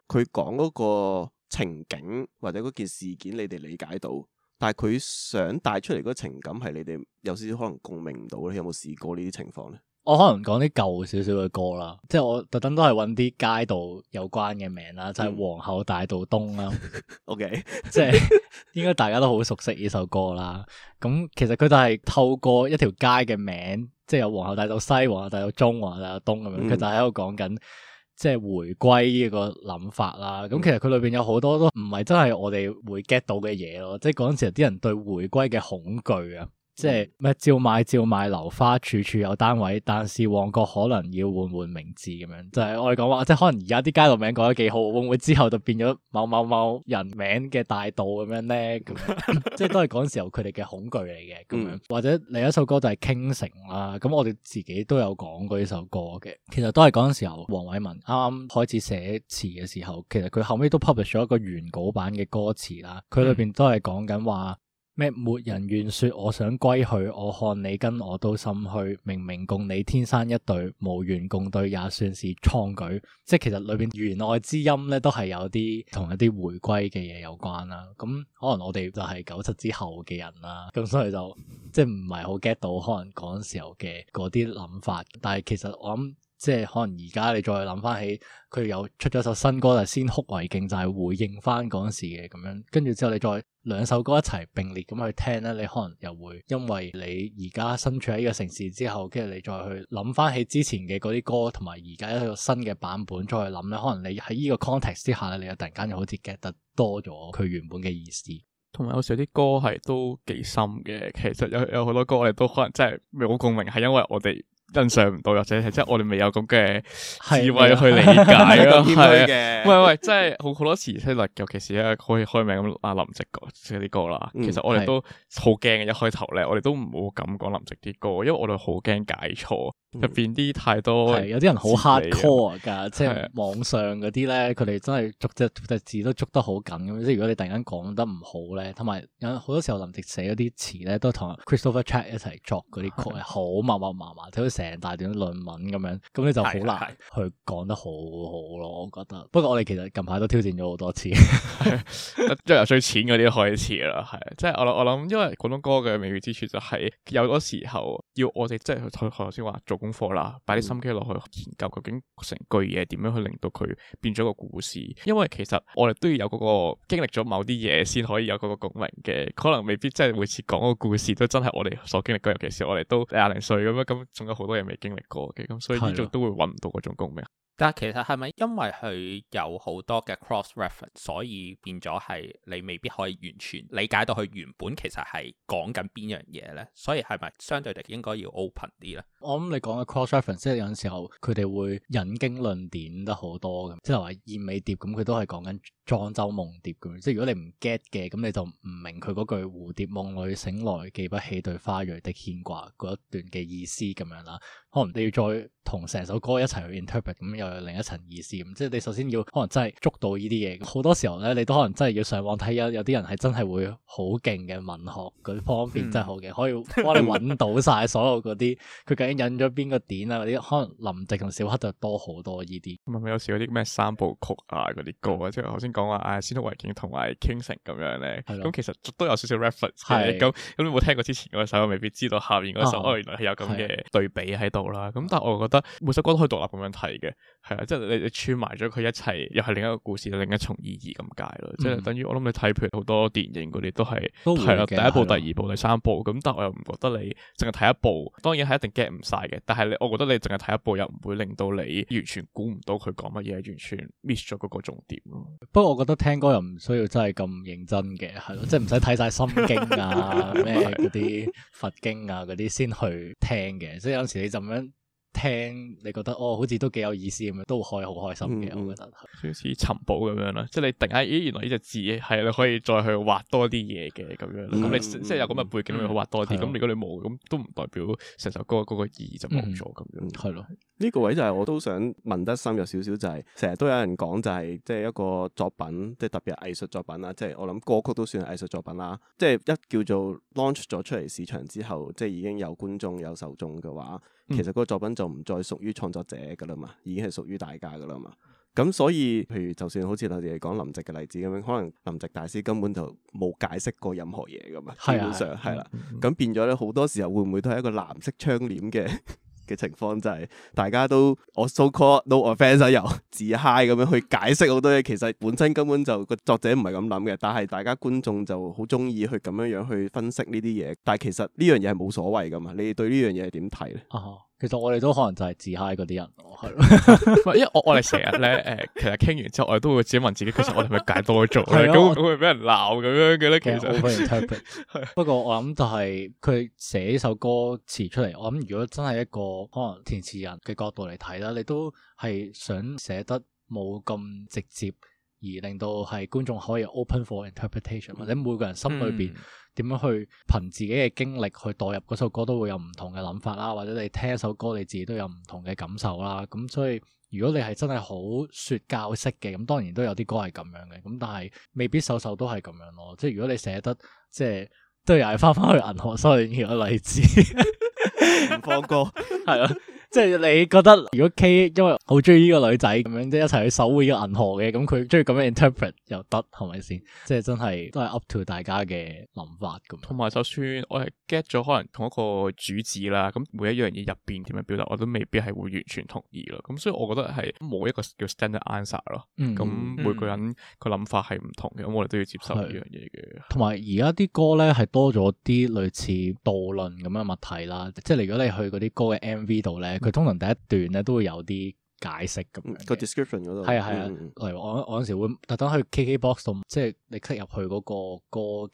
佢講嗰個情景或者嗰件事件你哋理解到，但係佢想帶出嚟嗰個情感係你哋有少少可能共鳴唔到咧？你有冇試過況呢啲情況咧？我可能講啲舊少少嘅歌啦，即係我特登都係揾啲街道有關嘅名啦，嗯、就係皇后大道東啦 [laughs] ，OK， [laughs] 即係應該大家都好熟悉呢首歌啦。咁其實佢就係透過一條街嘅名，即係由皇后大道西、皇后大道中、皇后大道東咁樣，佢、嗯、就喺度講緊即係回歸呢個諗法啦。咁其實佢裏邊有好多都唔係真係我哋會 get 到嘅嘢咯，即係嗰陣時啲人對回歸嘅恐懼啊。即係咩？照買照買樓花，流花處處有單位，但是旺角可能要換換名字咁樣，就係、是、我哋講話，即係可能而家啲街道名改得幾好，會唔會之後就變咗某某某人名嘅大道咁樣咧？ [laughs] [laughs] 即係都係嗰陣時候佢哋嘅恐懼嚟嘅咁樣，嗯、或者另一首歌就係、是《傾城》啦、啊。咁我哋自己都有講過呢首歌嘅，其實都係嗰陣時候黃偉文啱啱開始寫詞嘅時候，其實佢後尾都 publish 咗一個原稿版嘅歌詞啦，佢裏邊都係講緊話。咩？沒人願說我想歸去，我看你跟我都心虛。明明共你天生一對，無緣共對也算是創舉。即其實裏面弦外之音咧，都係有啲同一啲回歸嘅嘢有關啦。咁可能我哋就係九七之後嘅人啦，咁所以就 [laughs] 即係唔係好 get 到可能嗰時候嘅嗰啲諗法。但係其實我諗。即係可能而家你再諗翻起佢有出咗首新歌，就先哭為敬，就係、是、回應翻嗰陣時嘅咁樣。跟住之後你再兩首歌一齊並列咁去聽咧，你可能又會因為你而家身處喺呢個城市之後，跟住你再去諗翻起之前嘅嗰啲歌，同埋而家一個新嘅版本再去諗咧，可能你喺呢個 context 之下咧，你又突然間又好似 get 得多咗佢原本嘅意思。同埋有時啲歌係都幾深嘅，其實有有好多歌我哋都可能真係未好共鳴，係因為我哋。跟上唔到，或者係即係我哋未有咁嘅智慧去理解咯，係。唔係即係好好多詞，例如尤其是咧，可以開名咁阿林夕嗰即係啲歌啦。其實我哋都好驚嘅，一開頭咧，我哋都唔好咁講林夕啲歌，因為我哋好驚解錯入邊啲太多。有啲人好 hard core 㗎，即係網上嗰啲咧，佢哋真係捉隻只字都捉得好緊咁。即係如果你突然間講得唔好咧，同埋有好多時候林夕寫嗰啲詞咧，都同 Christopher Chak 一齊作嗰啲曲係好麻麻麻麻，大段論文咁樣，咁你就好難去講得好好咯。我覺得，不過我哋其實近排都挑戰咗好多次，即係由最淺嗰啲開始啦。係，即係我諗，我諗，因為廣東歌嘅美妙之處就係有嗰時候要我哋即係去頭先話做功課啦，擺啲心機落去研究，究竟成句嘢點樣去令到佢變咗個故事。因為其實我哋都要有嗰個經歷咗某啲嘢，先可以有嗰個共鳴嘅。可能未必即係每次講個故事都真係我哋所經歷過，尤其是我哋都廿零歲咁樣，咁仲有好多。我係未經歷過嘅，咁所以依種都會揾唔到嗰種共鳴。但其實係咪因為佢有好多嘅 cross reference，所以變咗係你未必可以完全理解到佢原本其實係講緊邊樣嘢咧？所以係咪相對地應該要 open 啲咧？我諗你講嘅 cross reference，即係有陣時候佢哋會引經據典得好多咁，即係話燕尾蝶咁，佢都係講緊莊周夢蝶咁。即係如果你唔 get 嘅，咁你就唔明佢嗰句蝴蝶夢裏醒來記不起對花蕊的牽掛嗰一段嘅意思咁樣啦。可能你要再同成首歌一齊去 interpret 咁。另一層意思即係你首先要可能真係捉到呢啲嘢。好多時候咧，你都可能真係要上網睇有有啲人係真係會好勁嘅，文學嗰方面真係好勁，可以幫你揾到晒所有嗰啲佢究竟引咗邊個點啊？嗰啲可能林夕同小克就多好多呢啲。咁咪、嗯、有少少啲咩三部曲啊嗰啲歌、嗯、啊，即係頭先講話啊《千度圍城》同埋《傾城》咁樣咧。係咯。咁其實都有少少 reference 嘅的。咁咁你冇聽過之前嗰首，未必知道下面嗰首哦，嗯、原來係有咁嘅對比喺度啦。咁的但係我覺得每首歌都可以獨立咁樣睇嘅。係啊，即係你你串埋咗佢一齊，又係另一個故事，另一重意義咁解咯。即係等於我諗你睇，譬如好多電影嗰啲都係係啦，第一部、第二部、的第三部。咁但係我又唔覺得你淨係睇一部，當然係一定 get 唔晒嘅。但係你，我覺得你淨係睇一部又唔會令到你完全估唔到佢講乜嘢，完全 miss 咗嗰個重點咯、嗯。不過我覺得聽歌又唔需要真係咁認真嘅，係咯，即係唔使睇晒心經啊咩嗰啲佛經啊嗰啲先去聽嘅。所以有時你就咁樣。聽你覺得哦，好似都幾有意思咁樣，都開好開心嘅，嗯、我覺得好似尋寶咁樣啦，即係你定然咦，原來呢隻字係你可以再去畫多啲嘢嘅咁樣，咁、嗯嗯、你、嗯、即係有咁嘅背景，你可以畫多啲。咁、嗯、如果你冇，咁都唔代表成首歌嗰、嗰個意義就冇咗咁樣。係咯了，呢個位就係我都想問得深入少少、就係，就係成日都有人講、就係，就係即係一個作品，即係特別係藝術作品啦，即係我諗歌曲都算係藝術作品啦。即係一叫做 launch 咗出嚟市場之後，即係已經有觀眾有受眾嘅話。其實個作品就唔再屬於創作者噶啦嘛，已經係屬於大家噶啦嘛。咁所以，譬如就算好似我哋講林夕嘅例子咁樣，可能林夕大師根本就冇解釋過任何嘢噶嘛，的基本上係啦。咁變咗咧，好多時候會唔會都係一個藍色窗簾嘅？情況就係大家都我 so called no offence 啊，又自 high 咁樣去解釋好多嘢，其實本身根本就個作者唔係咁諗嘅，但係大家觀眾就好中意去咁樣樣去分析呢啲嘢，但係其實呢樣嘢係冇所謂噶嘛，你哋對呢樣嘢係點睇咧？啊其實我哋都可能就係自嗨嗰啲人，係咯， [laughs] [laughs] 因為我我哋成日咧誒，其實傾完之後我哋都會自己問自己，其實我哋咪解多咗？咁咁、 [laughs] 啊、 [laughs] 會俾人鬧咁樣嘅咧。其實好非常特別。不過我諗就係佢寫首歌詞出嚟，我諗如果真係一個可能填詞人嘅角度嚟睇啦，你都係想寫得冇咁直接。而令到係觀眾可以 open for interpretation，或者每個人心裏邊點樣去憑自己嘅經歷去代入嗰首歌都會有唔同嘅諗法啦，或者你聽一首歌你自己都有唔同嘅感受啦。咁、嗯、所以如果你係真係好說教式嘅，咁、嗯、當然都有啲歌係咁樣嘅，咁但係未必首首都係咁樣咯。即係如果你寫得即係都係又係翻翻去銀行收錢嘅例子，唔 [laughs] 放歌。係啊。即係你覺得如果 K 因為好中意呢個女仔咁樣，即係一齊去守護呢個銀河嘅，咁佢中意咁樣 interpret 又得，係咪先？即係真係都係 up to 大家嘅諗法咁。同埋，就算我係 get 咗可能同一個主旨啦，咁每一樣嘢入邊點樣表達，我都未必係會完全同意咯。咁所以我覺得係冇一個叫 standard answer 咯。咁、嗯、每個人個諗法係唔同嘅，咁、嗯、我哋都要接受、嗯嗯、呢樣嘢嘅。同埋而家啲歌咧係多咗啲類似導論咁嘅物體啦，即係如果你去嗰啲歌嘅 MV 度咧。佢通常第一段咧都會有啲。解釋咁樣個 description 嗰度係啊係啊，例如我 [noise] 我嗰時會特登去 KKbox，即係你 click 入去嗰個歌嘅誒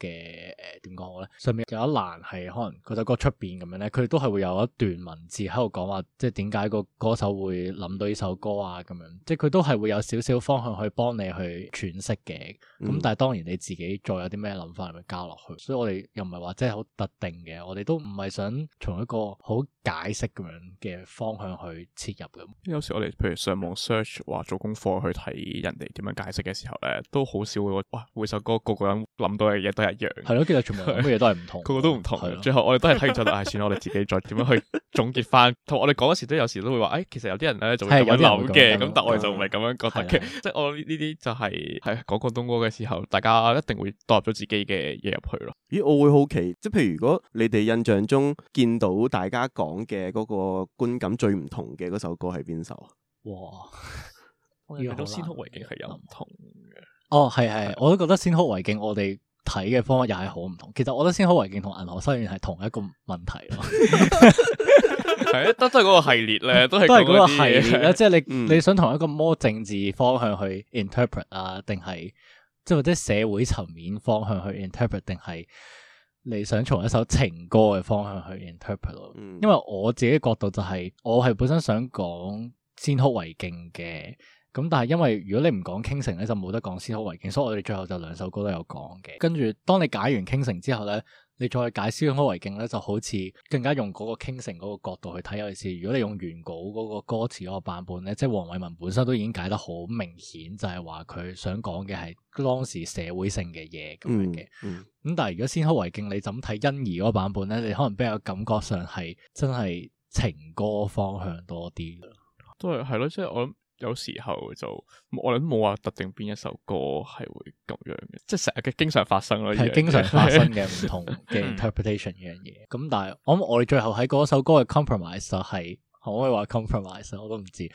點講好咧？上面有一欄係可能嗰首歌出邊咁樣咧，佢都係會有一段文字喺度講話，即係點解個歌手會諗到呢首歌啊咁樣，即係佢都係會有少少方向去幫你去詮釋嘅。咁、嗯、但係當然你自己再有啲咩諗法，你咪加落去。所以我哋又唔係話即係好特定嘅，我哋都唔係想從一個好解釋咁樣嘅方向去切入咁。有時我哋。 [noise] 譬如上網 search 話做功課去睇人哋點樣解釋嘅時候咧，都好少會話，每首歌個個人諗到嘅嘢都係一樣，係咯，其實全部乜嘢都係唔同， [laughs] 個個都唔同。的最後我哋都係睇咗之後，算啦，我哋自己再點樣去總結返。同我哋講嗰時都有時都會話，誒、哎，其實有啲人咧就係有啲諗嘅，咁但我哋、嗰個、就唔係咁樣覺得嘅，即係我呢啲就係、係、係講廣東歌嘅時候，大家一定會代入咗自己嘅嘢入去咯。咦，我會好奇，即係譬如如果你哋印象中見到大家講嘅嗰個觀感最唔同嘅嗰首歌係邊首？哇！我哋睇到《先哭為敬》係有唔同嘅。哦，係係，的我都覺得《先哭為敬》我哋睇嘅方法又係好唔同。其實我覺得《先哭為敬》同《銀河修理員》係同一個問題。係啊，都都係嗰個系列咧，都係嗰個個系列啦。即係你、嗯、你想同一個魔政治方向去 interpret 啊，定係即係或者社會層面方向去 interpret，定係你想從一首情歌嘅方向去 interpret 咯，啊。嗯、因為我自己角度就係、是、我係本身想講。先哭為敬嘅，咁但係因為如果你唔講傾城咧，就冇得講先哭為敬，所以我哋最後就兩首歌都有講嘅。跟住，當你解完傾城之後咧，你再解,解先哭為敬咧，就好似更加用嗰個傾城嗰個角度去睇。尤其是如果你用原稿嗰個歌詞嗰個版本咧，即係黃偉文本身都已經解得好明顯，就係話佢想講嘅係當時社會性嘅嘢咁樣嘅。咁、嗯嗯、但係如果先哭為敬你怎睇欣宜嗰個版本咧？你可能比較感覺上係真係情歌方向多啲都係係咯，即係我諗有時候就我諗冇話特定邊一首歌係會咁樣嘅，即係成日嘅經常發生咯。係經常發生嘅唔同嘅 interpretation 呢樣嘢。 [laughs] 咁但係我諗我哋最後喺嗰首歌嘅 compromise 就係可唔可以話 compromise？我都唔知。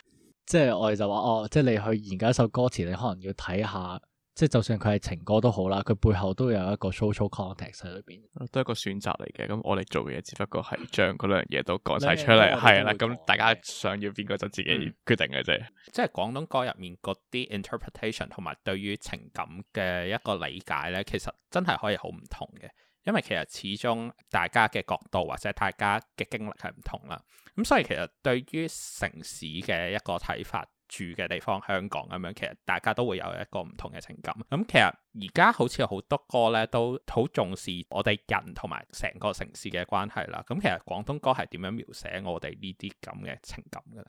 即係我哋就話哦，即係你去研究一首歌詞，你可能要睇下。即係就算佢係情歌都好啦，佢背後都有一個 social context 喺裏邊，都係一個選擇嚟嘅。咁我哋做嘢，只不過係將嗰兩嘢都講晒出嚟，係啦。咁大家想要邊個就自己決定嘅啫。嗯、 [laughs] 即係廣東歌入面嗰啲 interpretation 同埋對於情感嘅一個理解咧，其實真係可以好唔同嘅。因為其實始終大家嘅角度或者大家嘅經歷係唔同啦。咁所以其實對於城市嘅一個睇法，住嘅地方香港咁樣，其實大家都會有一個唔同嘅情感。咁、嗯、其實而家好似有好多歌咧，都好重視我哋人同埋成個城市嘅關係啦。咁、嗯、其實廣東歌係點樣描寫我哋呢啲咁嘅情感嘅咧？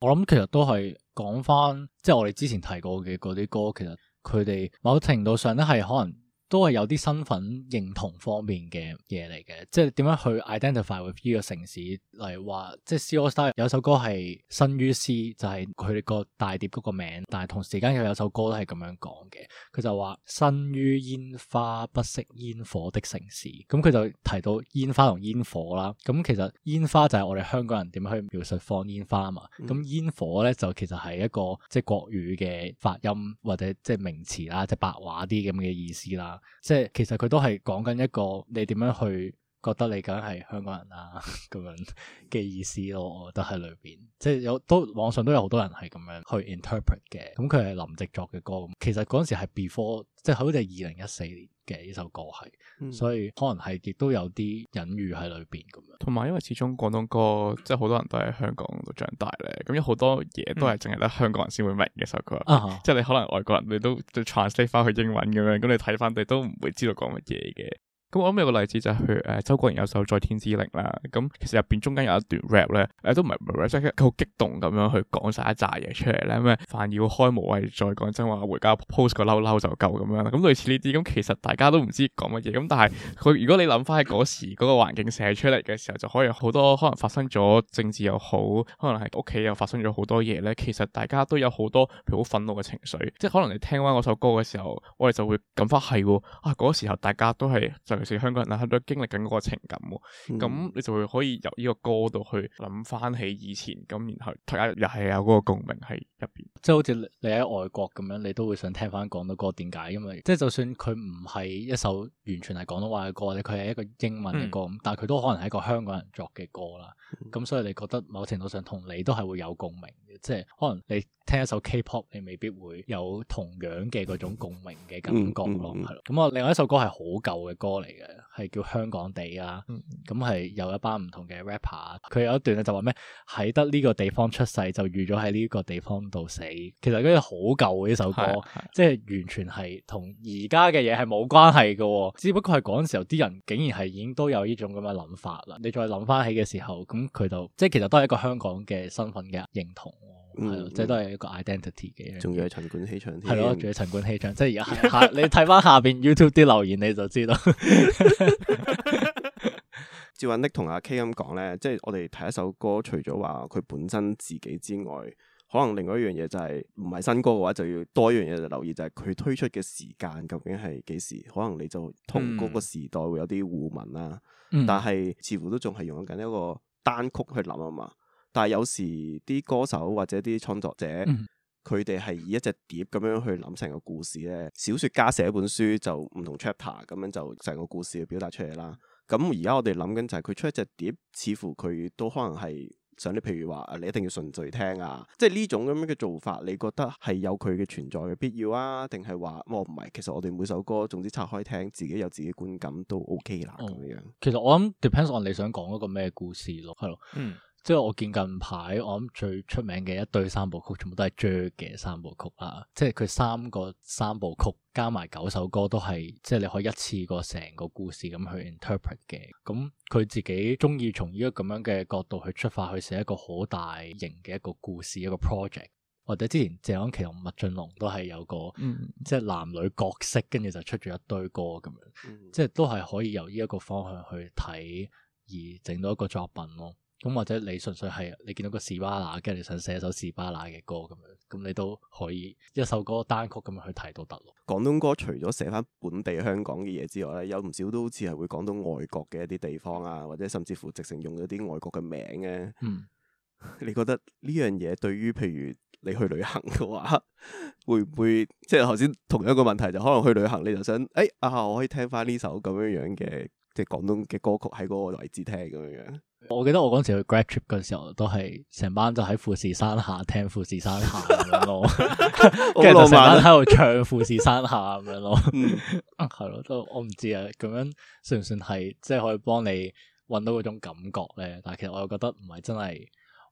我諗其實都係講返，即、就、係、是、我哋之前提過嘅嗰啲歌，其實佢哋某程度上都係可能。都係有啲身份認同方面嘅嘢嚟嘅，即係點樣去 identify with 呢個城市？例如話，即係 C AllStar 有首歌係《生於斯》，就係佢哋個大碟嗰個名。但係同時間又有首歌都係咁樣講嘅，佢就話《生於煙花不熄煙火的城市》。咁佢就提到煙花同煙火啦。咁其實煙花就係我哋香港人點樣去描述放煙花啊嘛。咁煙、嗯、火咧就其實係一個即係國語嘅發音或者即係名詞啦，即係白話啲咁嘅意思啦。即係其實佢都係講緊一個你點樣去。覺得你梗係香港人啦、啊，咁樣嘅意思咯，我覺得喺裏邊，即係有都網上都有好多人係咁樣去 interpret 嘅，咁佢係林夕作嘅歌，其實嗰陣時係 before，即係好似係二零一四年嘅呢首歌係，嗯、所以可能係亦都有啲隱喻喺裏邊咁樣。同埋因為始終廣東歌即係好多人都喺香港度長大咧，咁有好多嘢都係淨係得香港人先會明嘅首歌，嗯、即係你可能外國人你都 translate 翻去英文咁樣，咁你睇翻你都唔會知道講乜嘢嘅。咁我諗有個例子就係去誒、呃、周國賢有首《在天之靈》啦，咁、嗯、其實入邊中間有一段 rap 咧，誒、啊、都唔係唔係 rap，即係佢好激動咁樣去講晒一紮嘢出嚟咧，咩凡要開無謂，再講真話回家 post 個嬲嬲就夠咁樣啦，咁、嗯、類似呢啲，咁、嗯、其實大家都唔知講乜嘢，咁、嗯、但係佢如果你諗翻喺嗰時嗰個環境寫出嚟嘅時候，就可以好多可能發生咗政治又好，可能係屋企又發生咗好多嘢咧，其實大家都有好多譬如好憤怒嘅情緒，即係可能你聽翻嗰首歌嘅時候，我哋就會諗翻係喎，啊嗰時候大家都係尤其是香港人啦，都經歷緊嗰個情感喎。咁、嗯、你就會可以由呢個歌度去諗翻起以前咁，然後大家又係有嗰個共鳴喺入邊。即係好似你喺外國咁樣，你都會想聽翻廣東歌點解？因為即係就算佢唔係一首完全係廣東話嘅歌，或佢係一個英文嘅歌咁，嗯、但係佢都可能係一個香港人作嘅歌啦。咁、嗯、所以你覺得某程度上同你都係會有共鳴，嘅，即係可能你聽一首 K-pop 你未必會有同樣嘅嗰種共鳴嘅感覺、嗯嗯、咯，係咯。咁啊，另外一首歌係好舊嘅歌嚟嘅，係叫《香港地》啊。咁係、嗯嗯、有一班唔同嘅 rapper，佢有一段咧就話咩喺得呢個地方出世，就預咗喺呢個地方度死。其實嗰啲好舊嘅呢首歌，即係完全係同而家嘅嘢係冇關係嘅、哦，只不過係嗰陣時候啲人竟然係已經都有呢種咁嘅諗法啦。你再諗翻起嘅時候咁佢就即係其實都係一個香港嘅身份嘅認同，係、嗯、即係都係一個 identity 嘅。仲要係陳冠希唱，係咯的，仲要陳冠希唱， [laughs] 即係 [laughs] 而家你睇翻下邊 YouTube 啲留言，你就知道。照 Nic 同阿 K 咁講咧，即係我哋睇一首歌，除咗話佢本身自己之外，可能另外一樣嘢就係唔係新歌嘅話，就要多一樣嘢就留意，就係佢推出嘅時間究竟係幾時？可能你就同嗰個時代會有啲互文啦。嗯、但係似乎都仲係用緊一個。單曲去諗啊嘛，但係有時啲歌手或者啲創作者，佢哋係以一隻碟咁樣去諗成個故事咧。小說家寫一本書就唔同 chapter 咁樣就成個故事去表達出嚟啦。咁而家我哋諗緊就係，佢出一隻碟，似乎佢都可能係。想你譬如話，誒你一定要順序聽啊，即係呢種咁樣嘅做法，你覺得係有佢嘅存在嘅必要啊？定係話，哦唔係，其實我哋每首歌總之拆開聽，自己有自己觀感都 OK 啦咁、嗯、樣。其實我諗 depends on 你想講一個咩故事咯，係咯，嗯。即係我見近排，我諗最出名嘅一堆三部曲，全部都係 Jer 嘅三部曲啦。即係佢三個三部曲加埋九首歌都，都係即係你可以一次過成個故事咁去 interpret 嘅。咁、嗯、佢自己中意從呢個咁樣嘅角度去出發去寫一個好大型嘅一個故事一個 project，或者之前謝安琪同麥浚龍都係有個，嗯、即係男女角色跟住就出咗一堆歌咁樣，嗯、即係都係可以由呢一個方向去睇而整到一個作品咯。咁或者你純粹係你見到個士巴拿，跟住你想寫首士巴拿嘅歌咁樣，咁你都可以一首歌單曲咁樣去睇都得咯。廣東歌除咗寫翻本地香港嘅嘢之外咧，有唔少都好似係會講到外國嘅一啲地方啊，或者甚至乎直情用咗啲外國嘅名嘅、啊。嗯， [laughs] 你覺得呢樣嘢對於譬如你去旅行嘅話，會唔會即係頭先同樣一個問題就可能去旅行你就想，哎啊我可以聽翻呢首咁樣樣嘅即係廣東嘅歌曲喺嗰個位置聽咁樣樣。我記得我陣時去 grad trip 嘅時候，都係成班就喺富士山下聽富士山下咁樣咯，跟住 [laughs] 就成班喺度唱富士山下咁樣咯，係咯，都我唔知啊，咁樣算唔算係，即係可以幫你搵到種感覺咧？但係其實我又覺得唔係真係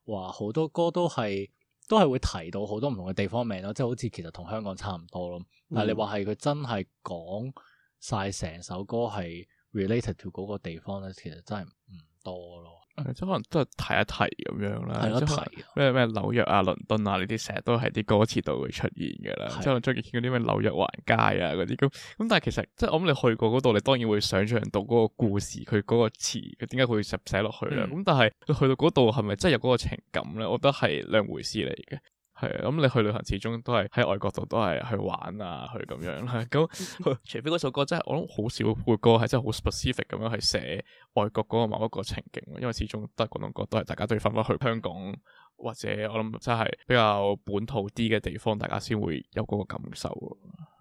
話好多歌都係都係會提到好多唔同嘅地方名咯，即係好似其實同香港差唔多咯。但係你話係佢真係講晒成首歌係 related to 嗰個地方咧？其實真係唔多咯。嗯、即可能都係提一提咁樣啦，提一提即咩咩紐約啊、倫敦啊呢啲，成日都係啲歌詞度會出現嘅啦。的即最近聽嗰啲咩紐約橫街啊嗰啲咁，咁但係其實即我諗你去過嗰度，你當然會想象到嗰個故事，佢嗰個詞佢點解會寫寫落去啦、啊。咁、嗯、但係去到嗰度係咪真係有嗰個情感咧？我覺得係兩回事嚟嘅。係啊，咁你去旅行始終都係喺外國度，都係去玩啊，去咁樣啦。咁 [laughs] [laughs] 除非嗰首歌真係，我諗好少 [laughs] 會歌係真係好 specific 咁樣去寫外國嗰個某一個情景，因為始終都係廣東歌，都係大家都要翻翻去香港或者我諗真係比較本土啲嘅地方，大家先會有嗰個感受。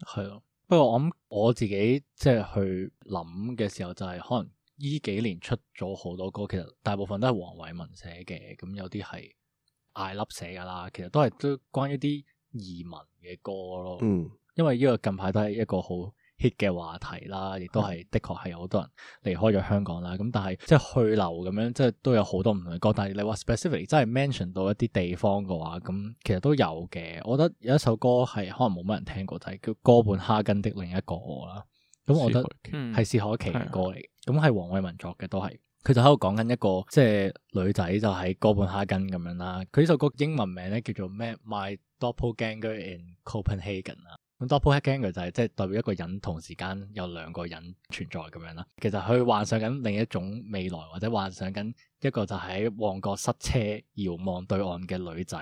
係咯，不過我諗我自己即係去諗嘅時候，就係可能呢幾年出咗好多歌，其實大部分都係黃偉文寫嘅，咁有啲係。大粒寫噶啦，其實都係都關於啲移民嘅歌咯，嗯、因為呢個近排都係一個好 hit 嘅話題啦，亦都係的確係有好多人離開咗香港啦。咁但係即係去留咁樣，即係都有好多唔同嘅歌。但係你話 specifically 真係 mention 到一啲地方嘅話，咁、嗯、其實都有嘅。我覺得有一首歌係可能冇乜人聽過，就係、是、叫《哥本哈根的另一個我》啦。咁、嗯嗯、我覺得係薛凱琪嘅歌嚟，咁係黃偉文作嘅，都係。佢就喺度講緊一個即係女仔就喺哥本哈根咁樣啦。佢呢首歌英文名咧叫做咩？My Doppelganger in Copenhagen 啊。咁 Doppelganger 就係、是、即係代表一個人同時間有兩個人存在咁樣啦。其實佢幻想緊另一種未來或者幻想緊一個就喺旺角塞車遙望對岸嘅女仔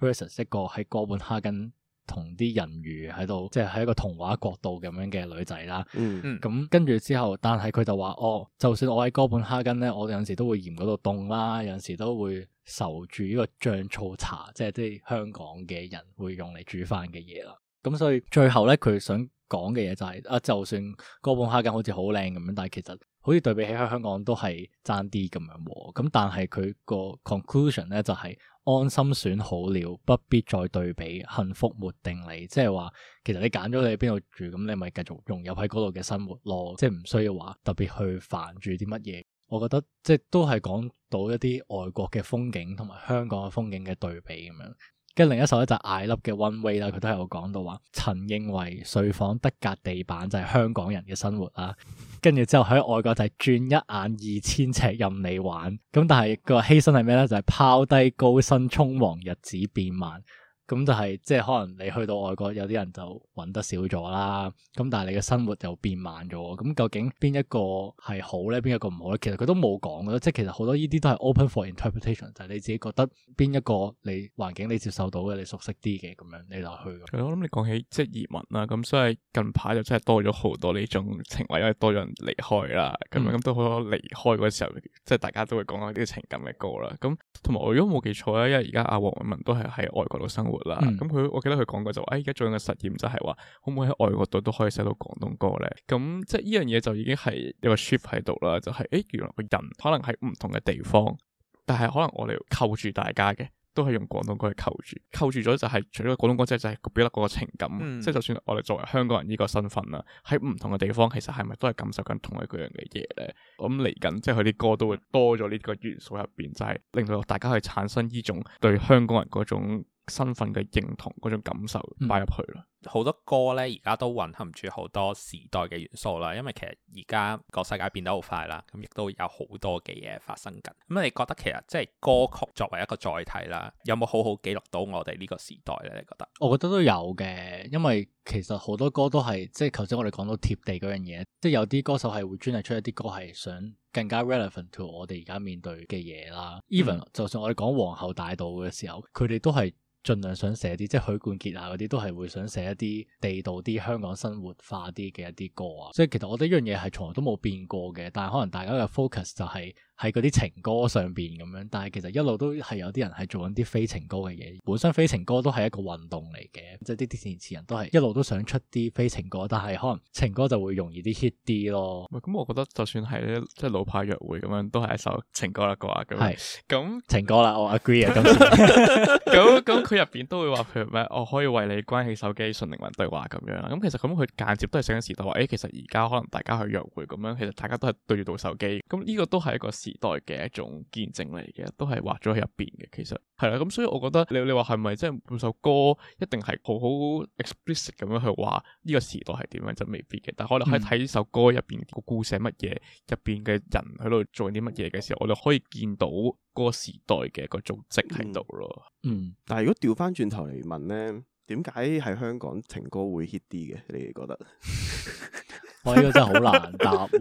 ，versus 一個喺哥本哈根。同啲人魚喺度，即係喺一個童話國度咁樣嘅女仔啦。嗯，咁、嗯、跟住之後，但係佢就話：哦，就算我喺哥本哈根咧，我有陣時都會嫌嗰度凍啦，有陣時都會受住呢個醬醋茶，即係啲香港嘅人會用嚟煮飯嘅嘢啦。咁所以最後咧，佢想講嘅嘢就係、是：啊，就算哥本哈根好似好靚咁樣，但係其實。好似對比起喺香港都係爭啲咁樣喎，咁但係佢個 conclusion 咧就係安心選好了，不必再對比，幸福沒定理，即係話其實你揀咗你喺邊度住，咁你咪繼續融入喺嗰度嘅生活咯，即係唔需要話特別去煩住啲乜嘢。我覺得即係、就是、都係講到一啲外國嘅風景同埋香港嘅風景嘅對比咁樣。跟住另一首咧就矮、是、I Love Your One Way 啦，佢都係有講到話，曾認為睡房得隔地板就係、是、香港人嘅生活啦。跟住之後喺外國就係轉一眼二千尺任你玩，咁但係個犧牲係咩呢？就係、是、拋低高薪匆忙日子變慢。咁就係、是、即係可能你去到外國，有啲人就揾得少咗啦。咁但係你嘅生活就變慢咗。咁究竟邊一個係好咧？邊一個唔好咧？其實佢都冇講嘅，即係其實好多呢啲都係 open for interpretation。就係你自己覺得邊一個你環境你接受到嘅，你熟悉啲嘅咁樣你就去。係咯，我諗你講起即係移民啦。咁所以近排就真係多咗好多呢種情懷，因為多咗人離開啦。咁樣咁都好多離開嗰時候，即係大家都會講下啲情感嘅歌啦。咁同埋我如果冇記錯咧，因為而家阿黃偉文都係喺外國度生活。啦，咁佢、嗯，我記得佢講過就話，誒、哎，而家做緊嘅實驗就係話，可唔可以喺外國度都可以寫到廣東歌咧？咁即係呢樣嘢就已經係一個 shift 喺度啦，就係、是，誒，原來個人可能喺唔同嘅地方，但係可能我哋要扣住大家嘅，都係用廣東歌去扣住，扣住咗就係、是，除咗廣東歌之外，就係表達嗰個情感。即係、嗯、就，就算我哋作為香港人呢個身份啦，喺唔同嘅地方，其實係咪都係感受緊同一嗰樣嘅嘢咧？咁嚟緊即係佢啲歌都會多咗呢個元素入邊，就係、是、令到大家去產生呢種對香港人嗰種。身份嘅認同嗰種感受擺入、嗯、去咯，好多歌呢，而家都蘊含住好多時代嘅元素啦。因為其實而家個世界變得好快啦，咁亦都有好多嘅嘢發生緊。咁、嗯、你覺得其實即係歌曲作為一個載體啦，有冇好好記錄到我哋呢個時代呢？你覺得？我覺得都有嘅，因為其實好多歌都係即係頭先我哋講到貼地嗰樣嘢，即係有啲歌手係會專係出一啲歌係想更加 relevant to 我哋而家面對嘅嘢啦。even、嗯、就算我哋講皇后大道嘅時候，佢哋都係。盡量想寫啲，即係許冠傑啊，嗰啲都係會想寫一啲地道啲香港生活化啲嘅一啲歌啊，所以其實我覺得一樣嘢係從來都冇變過嘅，但係可能大家嘅 focus 就係、是。喺嗰啲情歌上邊咁樣，但係其實一路都係有啲人係做緊啲非情歌嘅嘢。本身非情歌都係一個運動嚟嘅，即係啲填詞人都係一路都想出啲非情歌，但係可能情歌就會容易啲 hit 啲咯，嗯。咁我覺得就算係咧，即係老派約會咁樣，都係一首情歌啦，哥啊咁。係咁是那情歌啦，我 agree 啊。咁咁佢入邊都會話譬如咩，我可以為你關起手機，純靈魂對話咁樣。咁其實咁佢間接都係想時代話，誒、哎，其實而家可能大家去約會咁樣，其實大家都係對住部手機。咁呢個都係一個。時代嘅一種見證嚟嘅，都係畫咗喺入邊嘅。其實係啦，咁所以我覺得，你你話係咪真係每首歌一定係好好 explicit 咁樣去話呢個時代係點樣，就未必嘅。但我哋喺睇呢首歌入邊個故事寫乜嘢，入邊嘅人喺度做啲乜嘢嘅時候，我哋可以見到個時代嘅個組織喺度咯。嗯，嗯，但係如果調翻轉頭嚟問咧。點解喺香港情歌會 hit 啲嘅？你哋覺得？ [laughs] 我呢個真係好難答呢、啊、個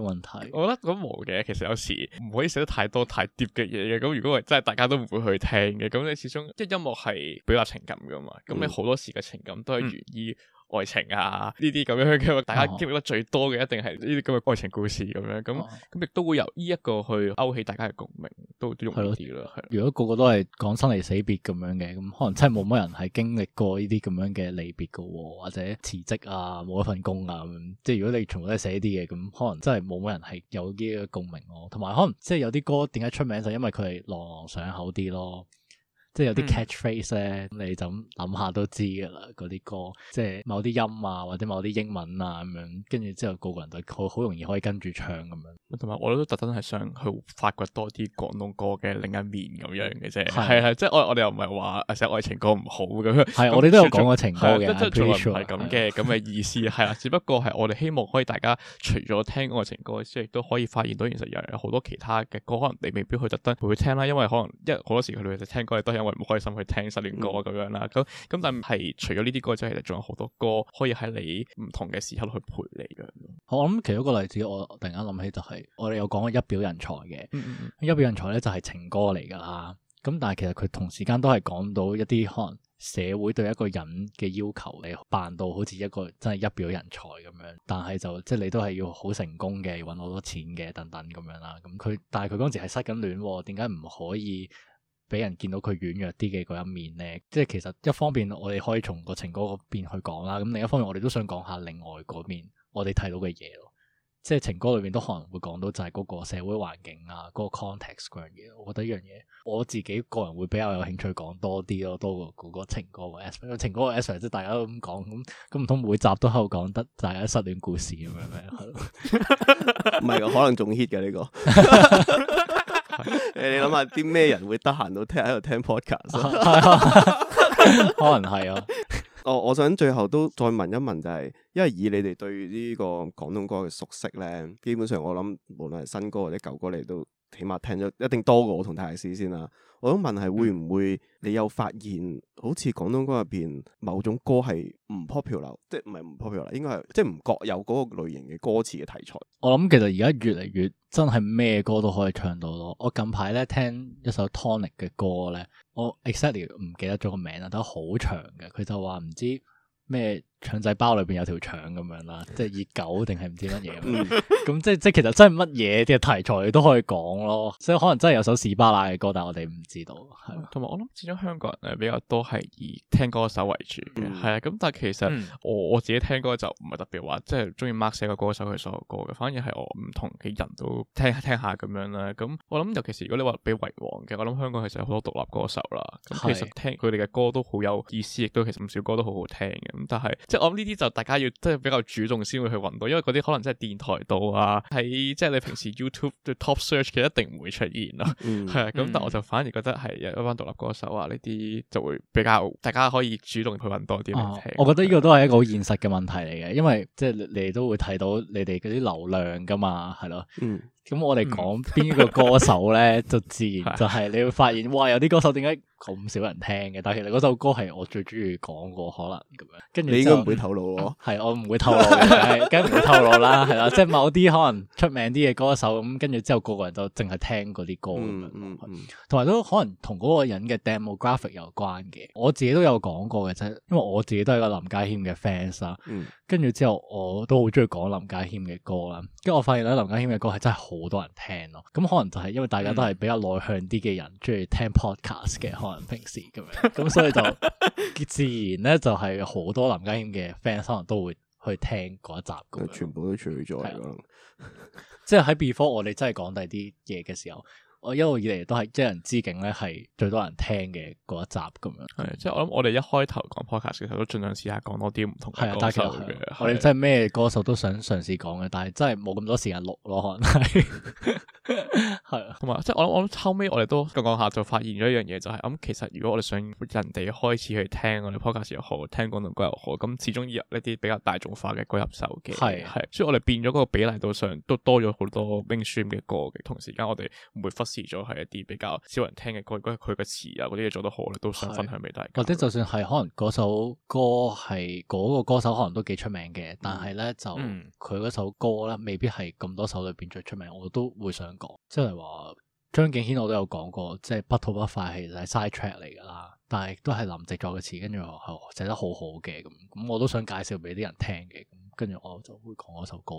[laughs] 問題。我覺得咁無嘅，其實有時唔可以寫得太多太疊嘅嘢嘅。咁如果真係大家都唔會去聽嘅，咁你始終即係音樂係表達情感噶嘛。咁你好多時嘅情感都係源於。嗯愛情啊，呢啲咁樣嘅，大家經歷得最多嘅一定係呢啲咁嘅愛情故事咁樣，咁咁亦都會由呢一個去勾起大家嘅共鳴，都易啲啦。如果個個都係講生離死別咁樣嘅，咁可能真係冇乜人係經歷過呢啲咁樣嘅離別噶，或者辭職啊，冇一份工啊，即係如果你全部都係寫啲嘅，咁可能真係冇乜人係有呢啲嘅共鳴、就是、咯。同埋可能即係有啲歌點解出名就因為佢係朗朗上口啲咯。即係有啲 catchphrase 咧，你就咁諗下都知噶啦，嗰啲歌，即係某啲音啊，或者某啲英文啊咁樣，跟住之後個個人都好容易可以跟住唱咁樣。同埋我都特登係想去發掘多啲廣東歌嘅另一面咁樣嘅啫。係啦，即係我我哋又唔係話誒，成愛情歌唔好咁樣。係，我哋都有講過情歌嘅，即係完全唔係咁嘅咁嘅意思。係啦，只不過係我哋希望可以大家除咗聽愛情歌，即係亦都可以發現到，其實有有好多其他嘅歌，可能你未必去特登去聽啦，因為可能一好多時佢哋就聽歌都係。因為唔開心去聽失戀歌咁樣啦，咁咁但係除咗呢啲歌之外、嗯，其實仲有好多歌可以喺你唔同嘅時刻去陪你嘅。我諗其中一個例子，我突然間諗起就係、是、我哋有講過一表人才嘅，嗯嗯一表人才咧就係情歌嚟噶啦。咁但係其實佢同時間都係講到一啲可能社會對一個人嘅要求，你扮到好似一個真係一表人才咁樣，但係就即係、就是、你都係要好成功嘅，搵好多錢嘅等等咁樣啦。咁佢但係佢嗰陣時係失緊戀，點解唔可以？俾人見到佢軟弱啲嘅嗰一面咧，即係其實一方面我哋可以從個情歌嗰邊去講啦，咁另一方面我哋都想講下另外嗰面我哋睇到嘅嘢咯，即係情歌裏面都可能會講到就係嗰個社會環境啊，嗰、嗰個 context 嗰樣嘢，我覺得依樣嘢我自己個人會比較有興趣講多啲咯，多過嗰個情歌嘅 aspect，情歌嘅 aspect 即係大家都咁講咁，咁唔通每集都喺度講得大家失戀故事咁樣咩？唔係啊，可能仲 hit 嘅呢個。 [laughs] [laughs] 誒， [laughs] 你諗下啲咩人會得閒到聽喺度聽 podcast？ [laughs] [laughs] [laughs] 可能係是啊、 [laughs] 哦。我我想最後都再問一問，就係、是，因為以你哋對呢個廣東歌嘅熟悉咧，基本上我諗無論係新歌或者舊歌，你都。起碼聽咗一定多過我同泰師先啦。我想問係會唔會你有發現好似廣東歌入邊某種歌係唔 popular，即係唔係唔 popular，應該係即係唔覺有嗰個類型嘅歌詞嘅題材。我諗其實而家越嚟越真係咩歌都可以唱到咯。我近排咧聽一首 Tonic 嘅歌咧，我 exactly 唔記得咗個名啦，都好長嘅。佢就話唔知咩。腸仔包裏邊有條腸咁樣啦，即係熱狗定係唔知乜嘢咁，即係即係其實真係乜嘢嘅題材都可以講咯，所以可能真係有首屎巴拉嘅歌，但係我哋唔知道係。同埋我諗，始終香港人係比較多係以聽歌手為主嘅，係啊、嗯，咁但係其實我我自己聽歌就唔係特別話即係中意 mark 死個歌手佢所有歌嘅，反而係我唔同嘅人都聽，聽下聽下咁樣啦。咁我諗，尤其是如果你話俾維皇嘅，我諗香港其實有好多獨立歌手啦，其實聽佢哋嘅歌都好有意思，亦都其實唔少歌都好好聽嘅。咁但係。即係我諗呢啲就大家要即係比較主動先會去揾到，因為嗰啲可能真係電台度啊，喺即係你平時 YouTube 嘅 top search 嘅一定唔會出現咯。係啊，咁、嗯、但係我就反而覺得係有一班獨立歌手啊呢啲就會比較大家可以主動去揾多啲嚟聽，啊。我覺得呢個都係一個好現實嘅問題嚟嘅，因為即係你你都會睇到你哋嗰啲流量㗎嘛，係咯。嗯咁我哋講邊個歌手咧， [laughs] 就自然就係你會發現， [laughs] 哇！有啲歌手點解咁少人聽嘅？但係其實嗰首歌係我最中意講過，可能咁樣。跟住你應該唔會透露咯。係、嗯、我唔會透露，嘅， [laughs] 梗唔會透露啦，係啦。 [laughs] 即係某啲可能出名啲嘅歌手，咁跟住之後個個人都淨係聽嗰啲歌咁樣、嗯。嗯同埋都可能同嗰個人嘅 demographic 有關嘅。我自己都有講過嘅，即係因為我自己都係個林家謙嘅 fans 啊。嗯。跟住之後，我都好中意講林家謙嘅歌啦。跟住我發現咧，林家謙嘅歌係真係好多人聽咯。咁可能就係因為大家都係比較內向啲嘅人，中意、嗯、聽 podcast 嘅，可能平時咁樣，咁所以就自然咧就係好多林家謙嘅 fans 可能都會去聽嗰一集咁全部都存在咁。即係喺 before 我哋真係講第啲嘢嘅時候。我一路以嚟都係一人之境咧，係最多人聽嘅嗰一集咁樣。係，即係我諗我哋一開頭講 podcast 嘅時候，都盡量試下講多啲唔同嘅歌的我哋真係咩歌手都想嘗試講嘅，但係真係冇咁多時間錄咯，可能係。係啊，咁啊，即係我諗我諗後尾我哋都講講下就發現咗一樣嘢、就是，就係咁其實如果我哋想人哋開始去聽我哋 podcast 又好，聽廣東歌又好，咁始終要入呢啲比較大眾化嘅歌手嘅，係係的的，所以我哋變咗嗰個比例度上都多咗好多 mainstream 嘅歌嘅，同時間我哋唔會詞咗係一啲比較少人聽嘅歌，佢佢嘅詞啊嗰啲嘢做得好咧，都想分享俾大家。或者就算係可能嗰首歌係嗰、嗰個歌手可能都幾出名嘅，嗯、但係咧就佢嗰、嗯、首歌咧未必係咁多首裏邊最出名，我都會想講。即係話張敬軒我都有講過，即係不吐不快其實係 side track 嚟噶啦，但係都係林夕作嘅詞，跟住係寫得好好嘅咁，咁我都想介紹俾啲人聽嘅，跟住我就會講嗰首歌。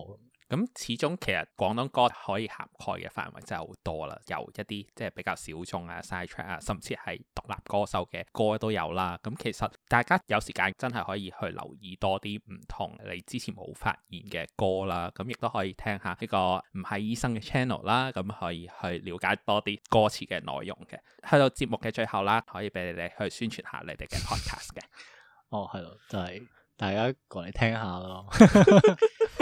咁始終其實廣東歌可以涵蓋嘅範圍真係好多啦，由一啲即係比較小眾啊、side track 啊，甚至係獨立歌手嘅歌都有啦。咁其實大家有時間真係可以去留意多啲唔同你之前冇發現嘅歌啦。咁亦都可以聽下呢個唔係醫生嘅 channel 啦。咁可以去了解多啲歌詞嘅內容嘅。去到節目嘅最後啦，可以俾你哋去宣傳下你哋嘅 podcast 嘅。 [laughs] 哦，係咯，就係。大家過嚟聽下咯 [laughs]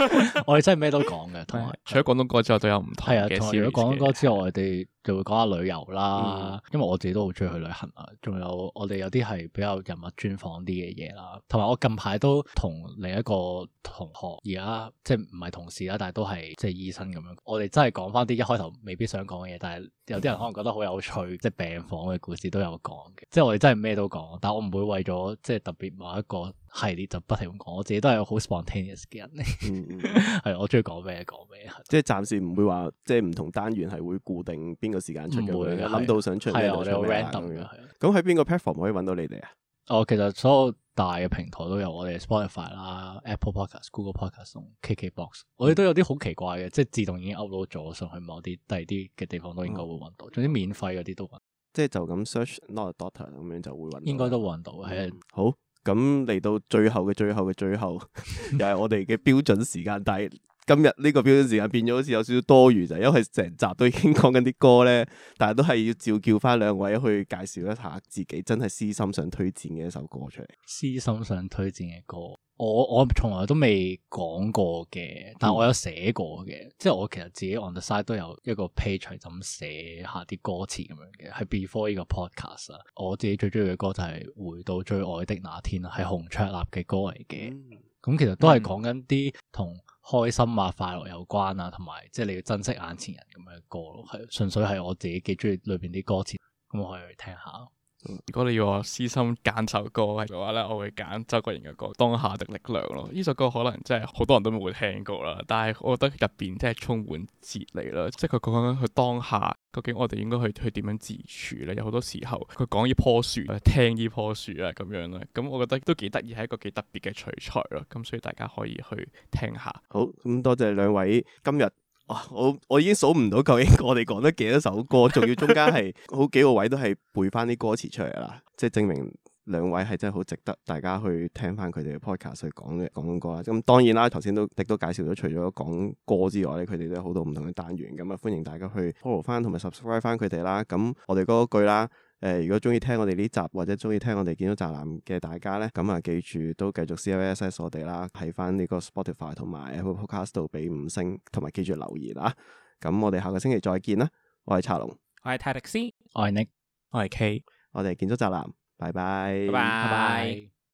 [laughs] 是，我哋真係咩都講嘅，同埋時除咗廣東歌之外都有唔同係啊，除咗廣東歌之外，是的 我哋就會講下旅遊啦，嗯、因為我自己都好中意去旅行啊。仲有我哋有啲係比較人物專訪啲嘅嘢啦，同埋我近排都同另一個同學，而家即係唔係同事啦，但係都係即係醫生咁樣。我哋真係講翻啲一開頭未必想講嘅嘢，但係有啲人可能覺得好有趣，即係病房嘅故事都有講嘅。即係我哋真係咩都講，但我唔會為咗即係特別某一個。系列就不停咁講，我自己都係好 spontaneous 嘅人嚟，係我中意講咩講咩，即係暫時唔會話，即係唔同單元係會固定邊個時間出嘅，諗到想出係我哋 random 嘅，咁喺邊個 platform 可以揾到你哋啊？哦，其實所有大嘅平台都有我哋 Spotify 啦、Apple Podcast、Google Podcast、同 KKBox，我哋都有啲好奇怪嘅，即係自動已經 upload 咗上去某啲第啲嘅地方都應該會揾到，總之免費嗰啲都即係就咁 search Not A Doctor 咁樣就會揾到，應該都揾到係。好。咁嚟到最後嘅最後嘅最後， [laughs] 又係我哋嘅標準時間，但係，今日呢個標準時間變咗，好似有少少多餘就因為成集都已經講緊啲歌咧，但係都係要照叫翻兩位去介紹一下自己真，真係私心想推薦嘅一首歌出嚟。私心想推薦嘅歌，我我從來都未講過嘅，但我有寫過嘅，嗯、即係我其實自己 on the side 都有一個 page 就咁寫下啲歌詞咁樣嘅。係 before 呢個 podcast 啊，我自己最中意嘅歌就係、是《回到最愛的那天》，係洪卓立嘅歌嚟嘅。咁、嗯嗯、其實都係講緊啲同。開心啊，快樂有關啊，同埋即係你要珍惜眼前人咁樣嘅歌咯，係純粹係我自己幾中意裏邊啲歌詞，咁我可以去聽下。如果你要我私心揀首歌嘅話咧，我會揀周國賢嘅歌《當下的力量》咯。呢首歌可能真係好多人都冇聽過啦，但係我覺得入邊真係充滿哲理啦，即係佢講緊佢當下究竟我哋應該去去點樣自處咧。有好多時候佢講呢棵樹啊，聽呢棵樹啊咁樣啦，咁我覺得都幾得意，係一個幾特別嘅取材咯。咁所以大家可以去聽下。好，咁多謝兩位今日。啊、我我已經數唔到究竟我哋講得幾多首歌，仲要中間係好幾個位都係背翻啲歌詞出嚟啦，即係證明兩位係真係好值得大家去聽翻佢哋嘅 podcast 去講嘅講歌啦。咁、嗯、當然啦，頭先都亦都介紹咗，除咗講歌之外咧，佢哋都有好多唔同嘅單元，咁、嗯、啊歡迎大家去 follow 翻同埋 subscribe 翻佢哋啦。咁、嗯、我哋嗰句啦。誒、呃，如果中意聽我哋呢集或者中意聽我哋建築宅男嘅大家咧，咁啊，記住都繼續 C.S.S 我哋啦，睇翻呢個 Spotify 同埋 Apple Podcast 度俾五星，同埋記住留言啊。咁我哋下個星期再見啦，我係茶龍，我係泰迪斯，我係是 Nick，我係是 K，我哋建築宅男，拜，拜拜，拜拜。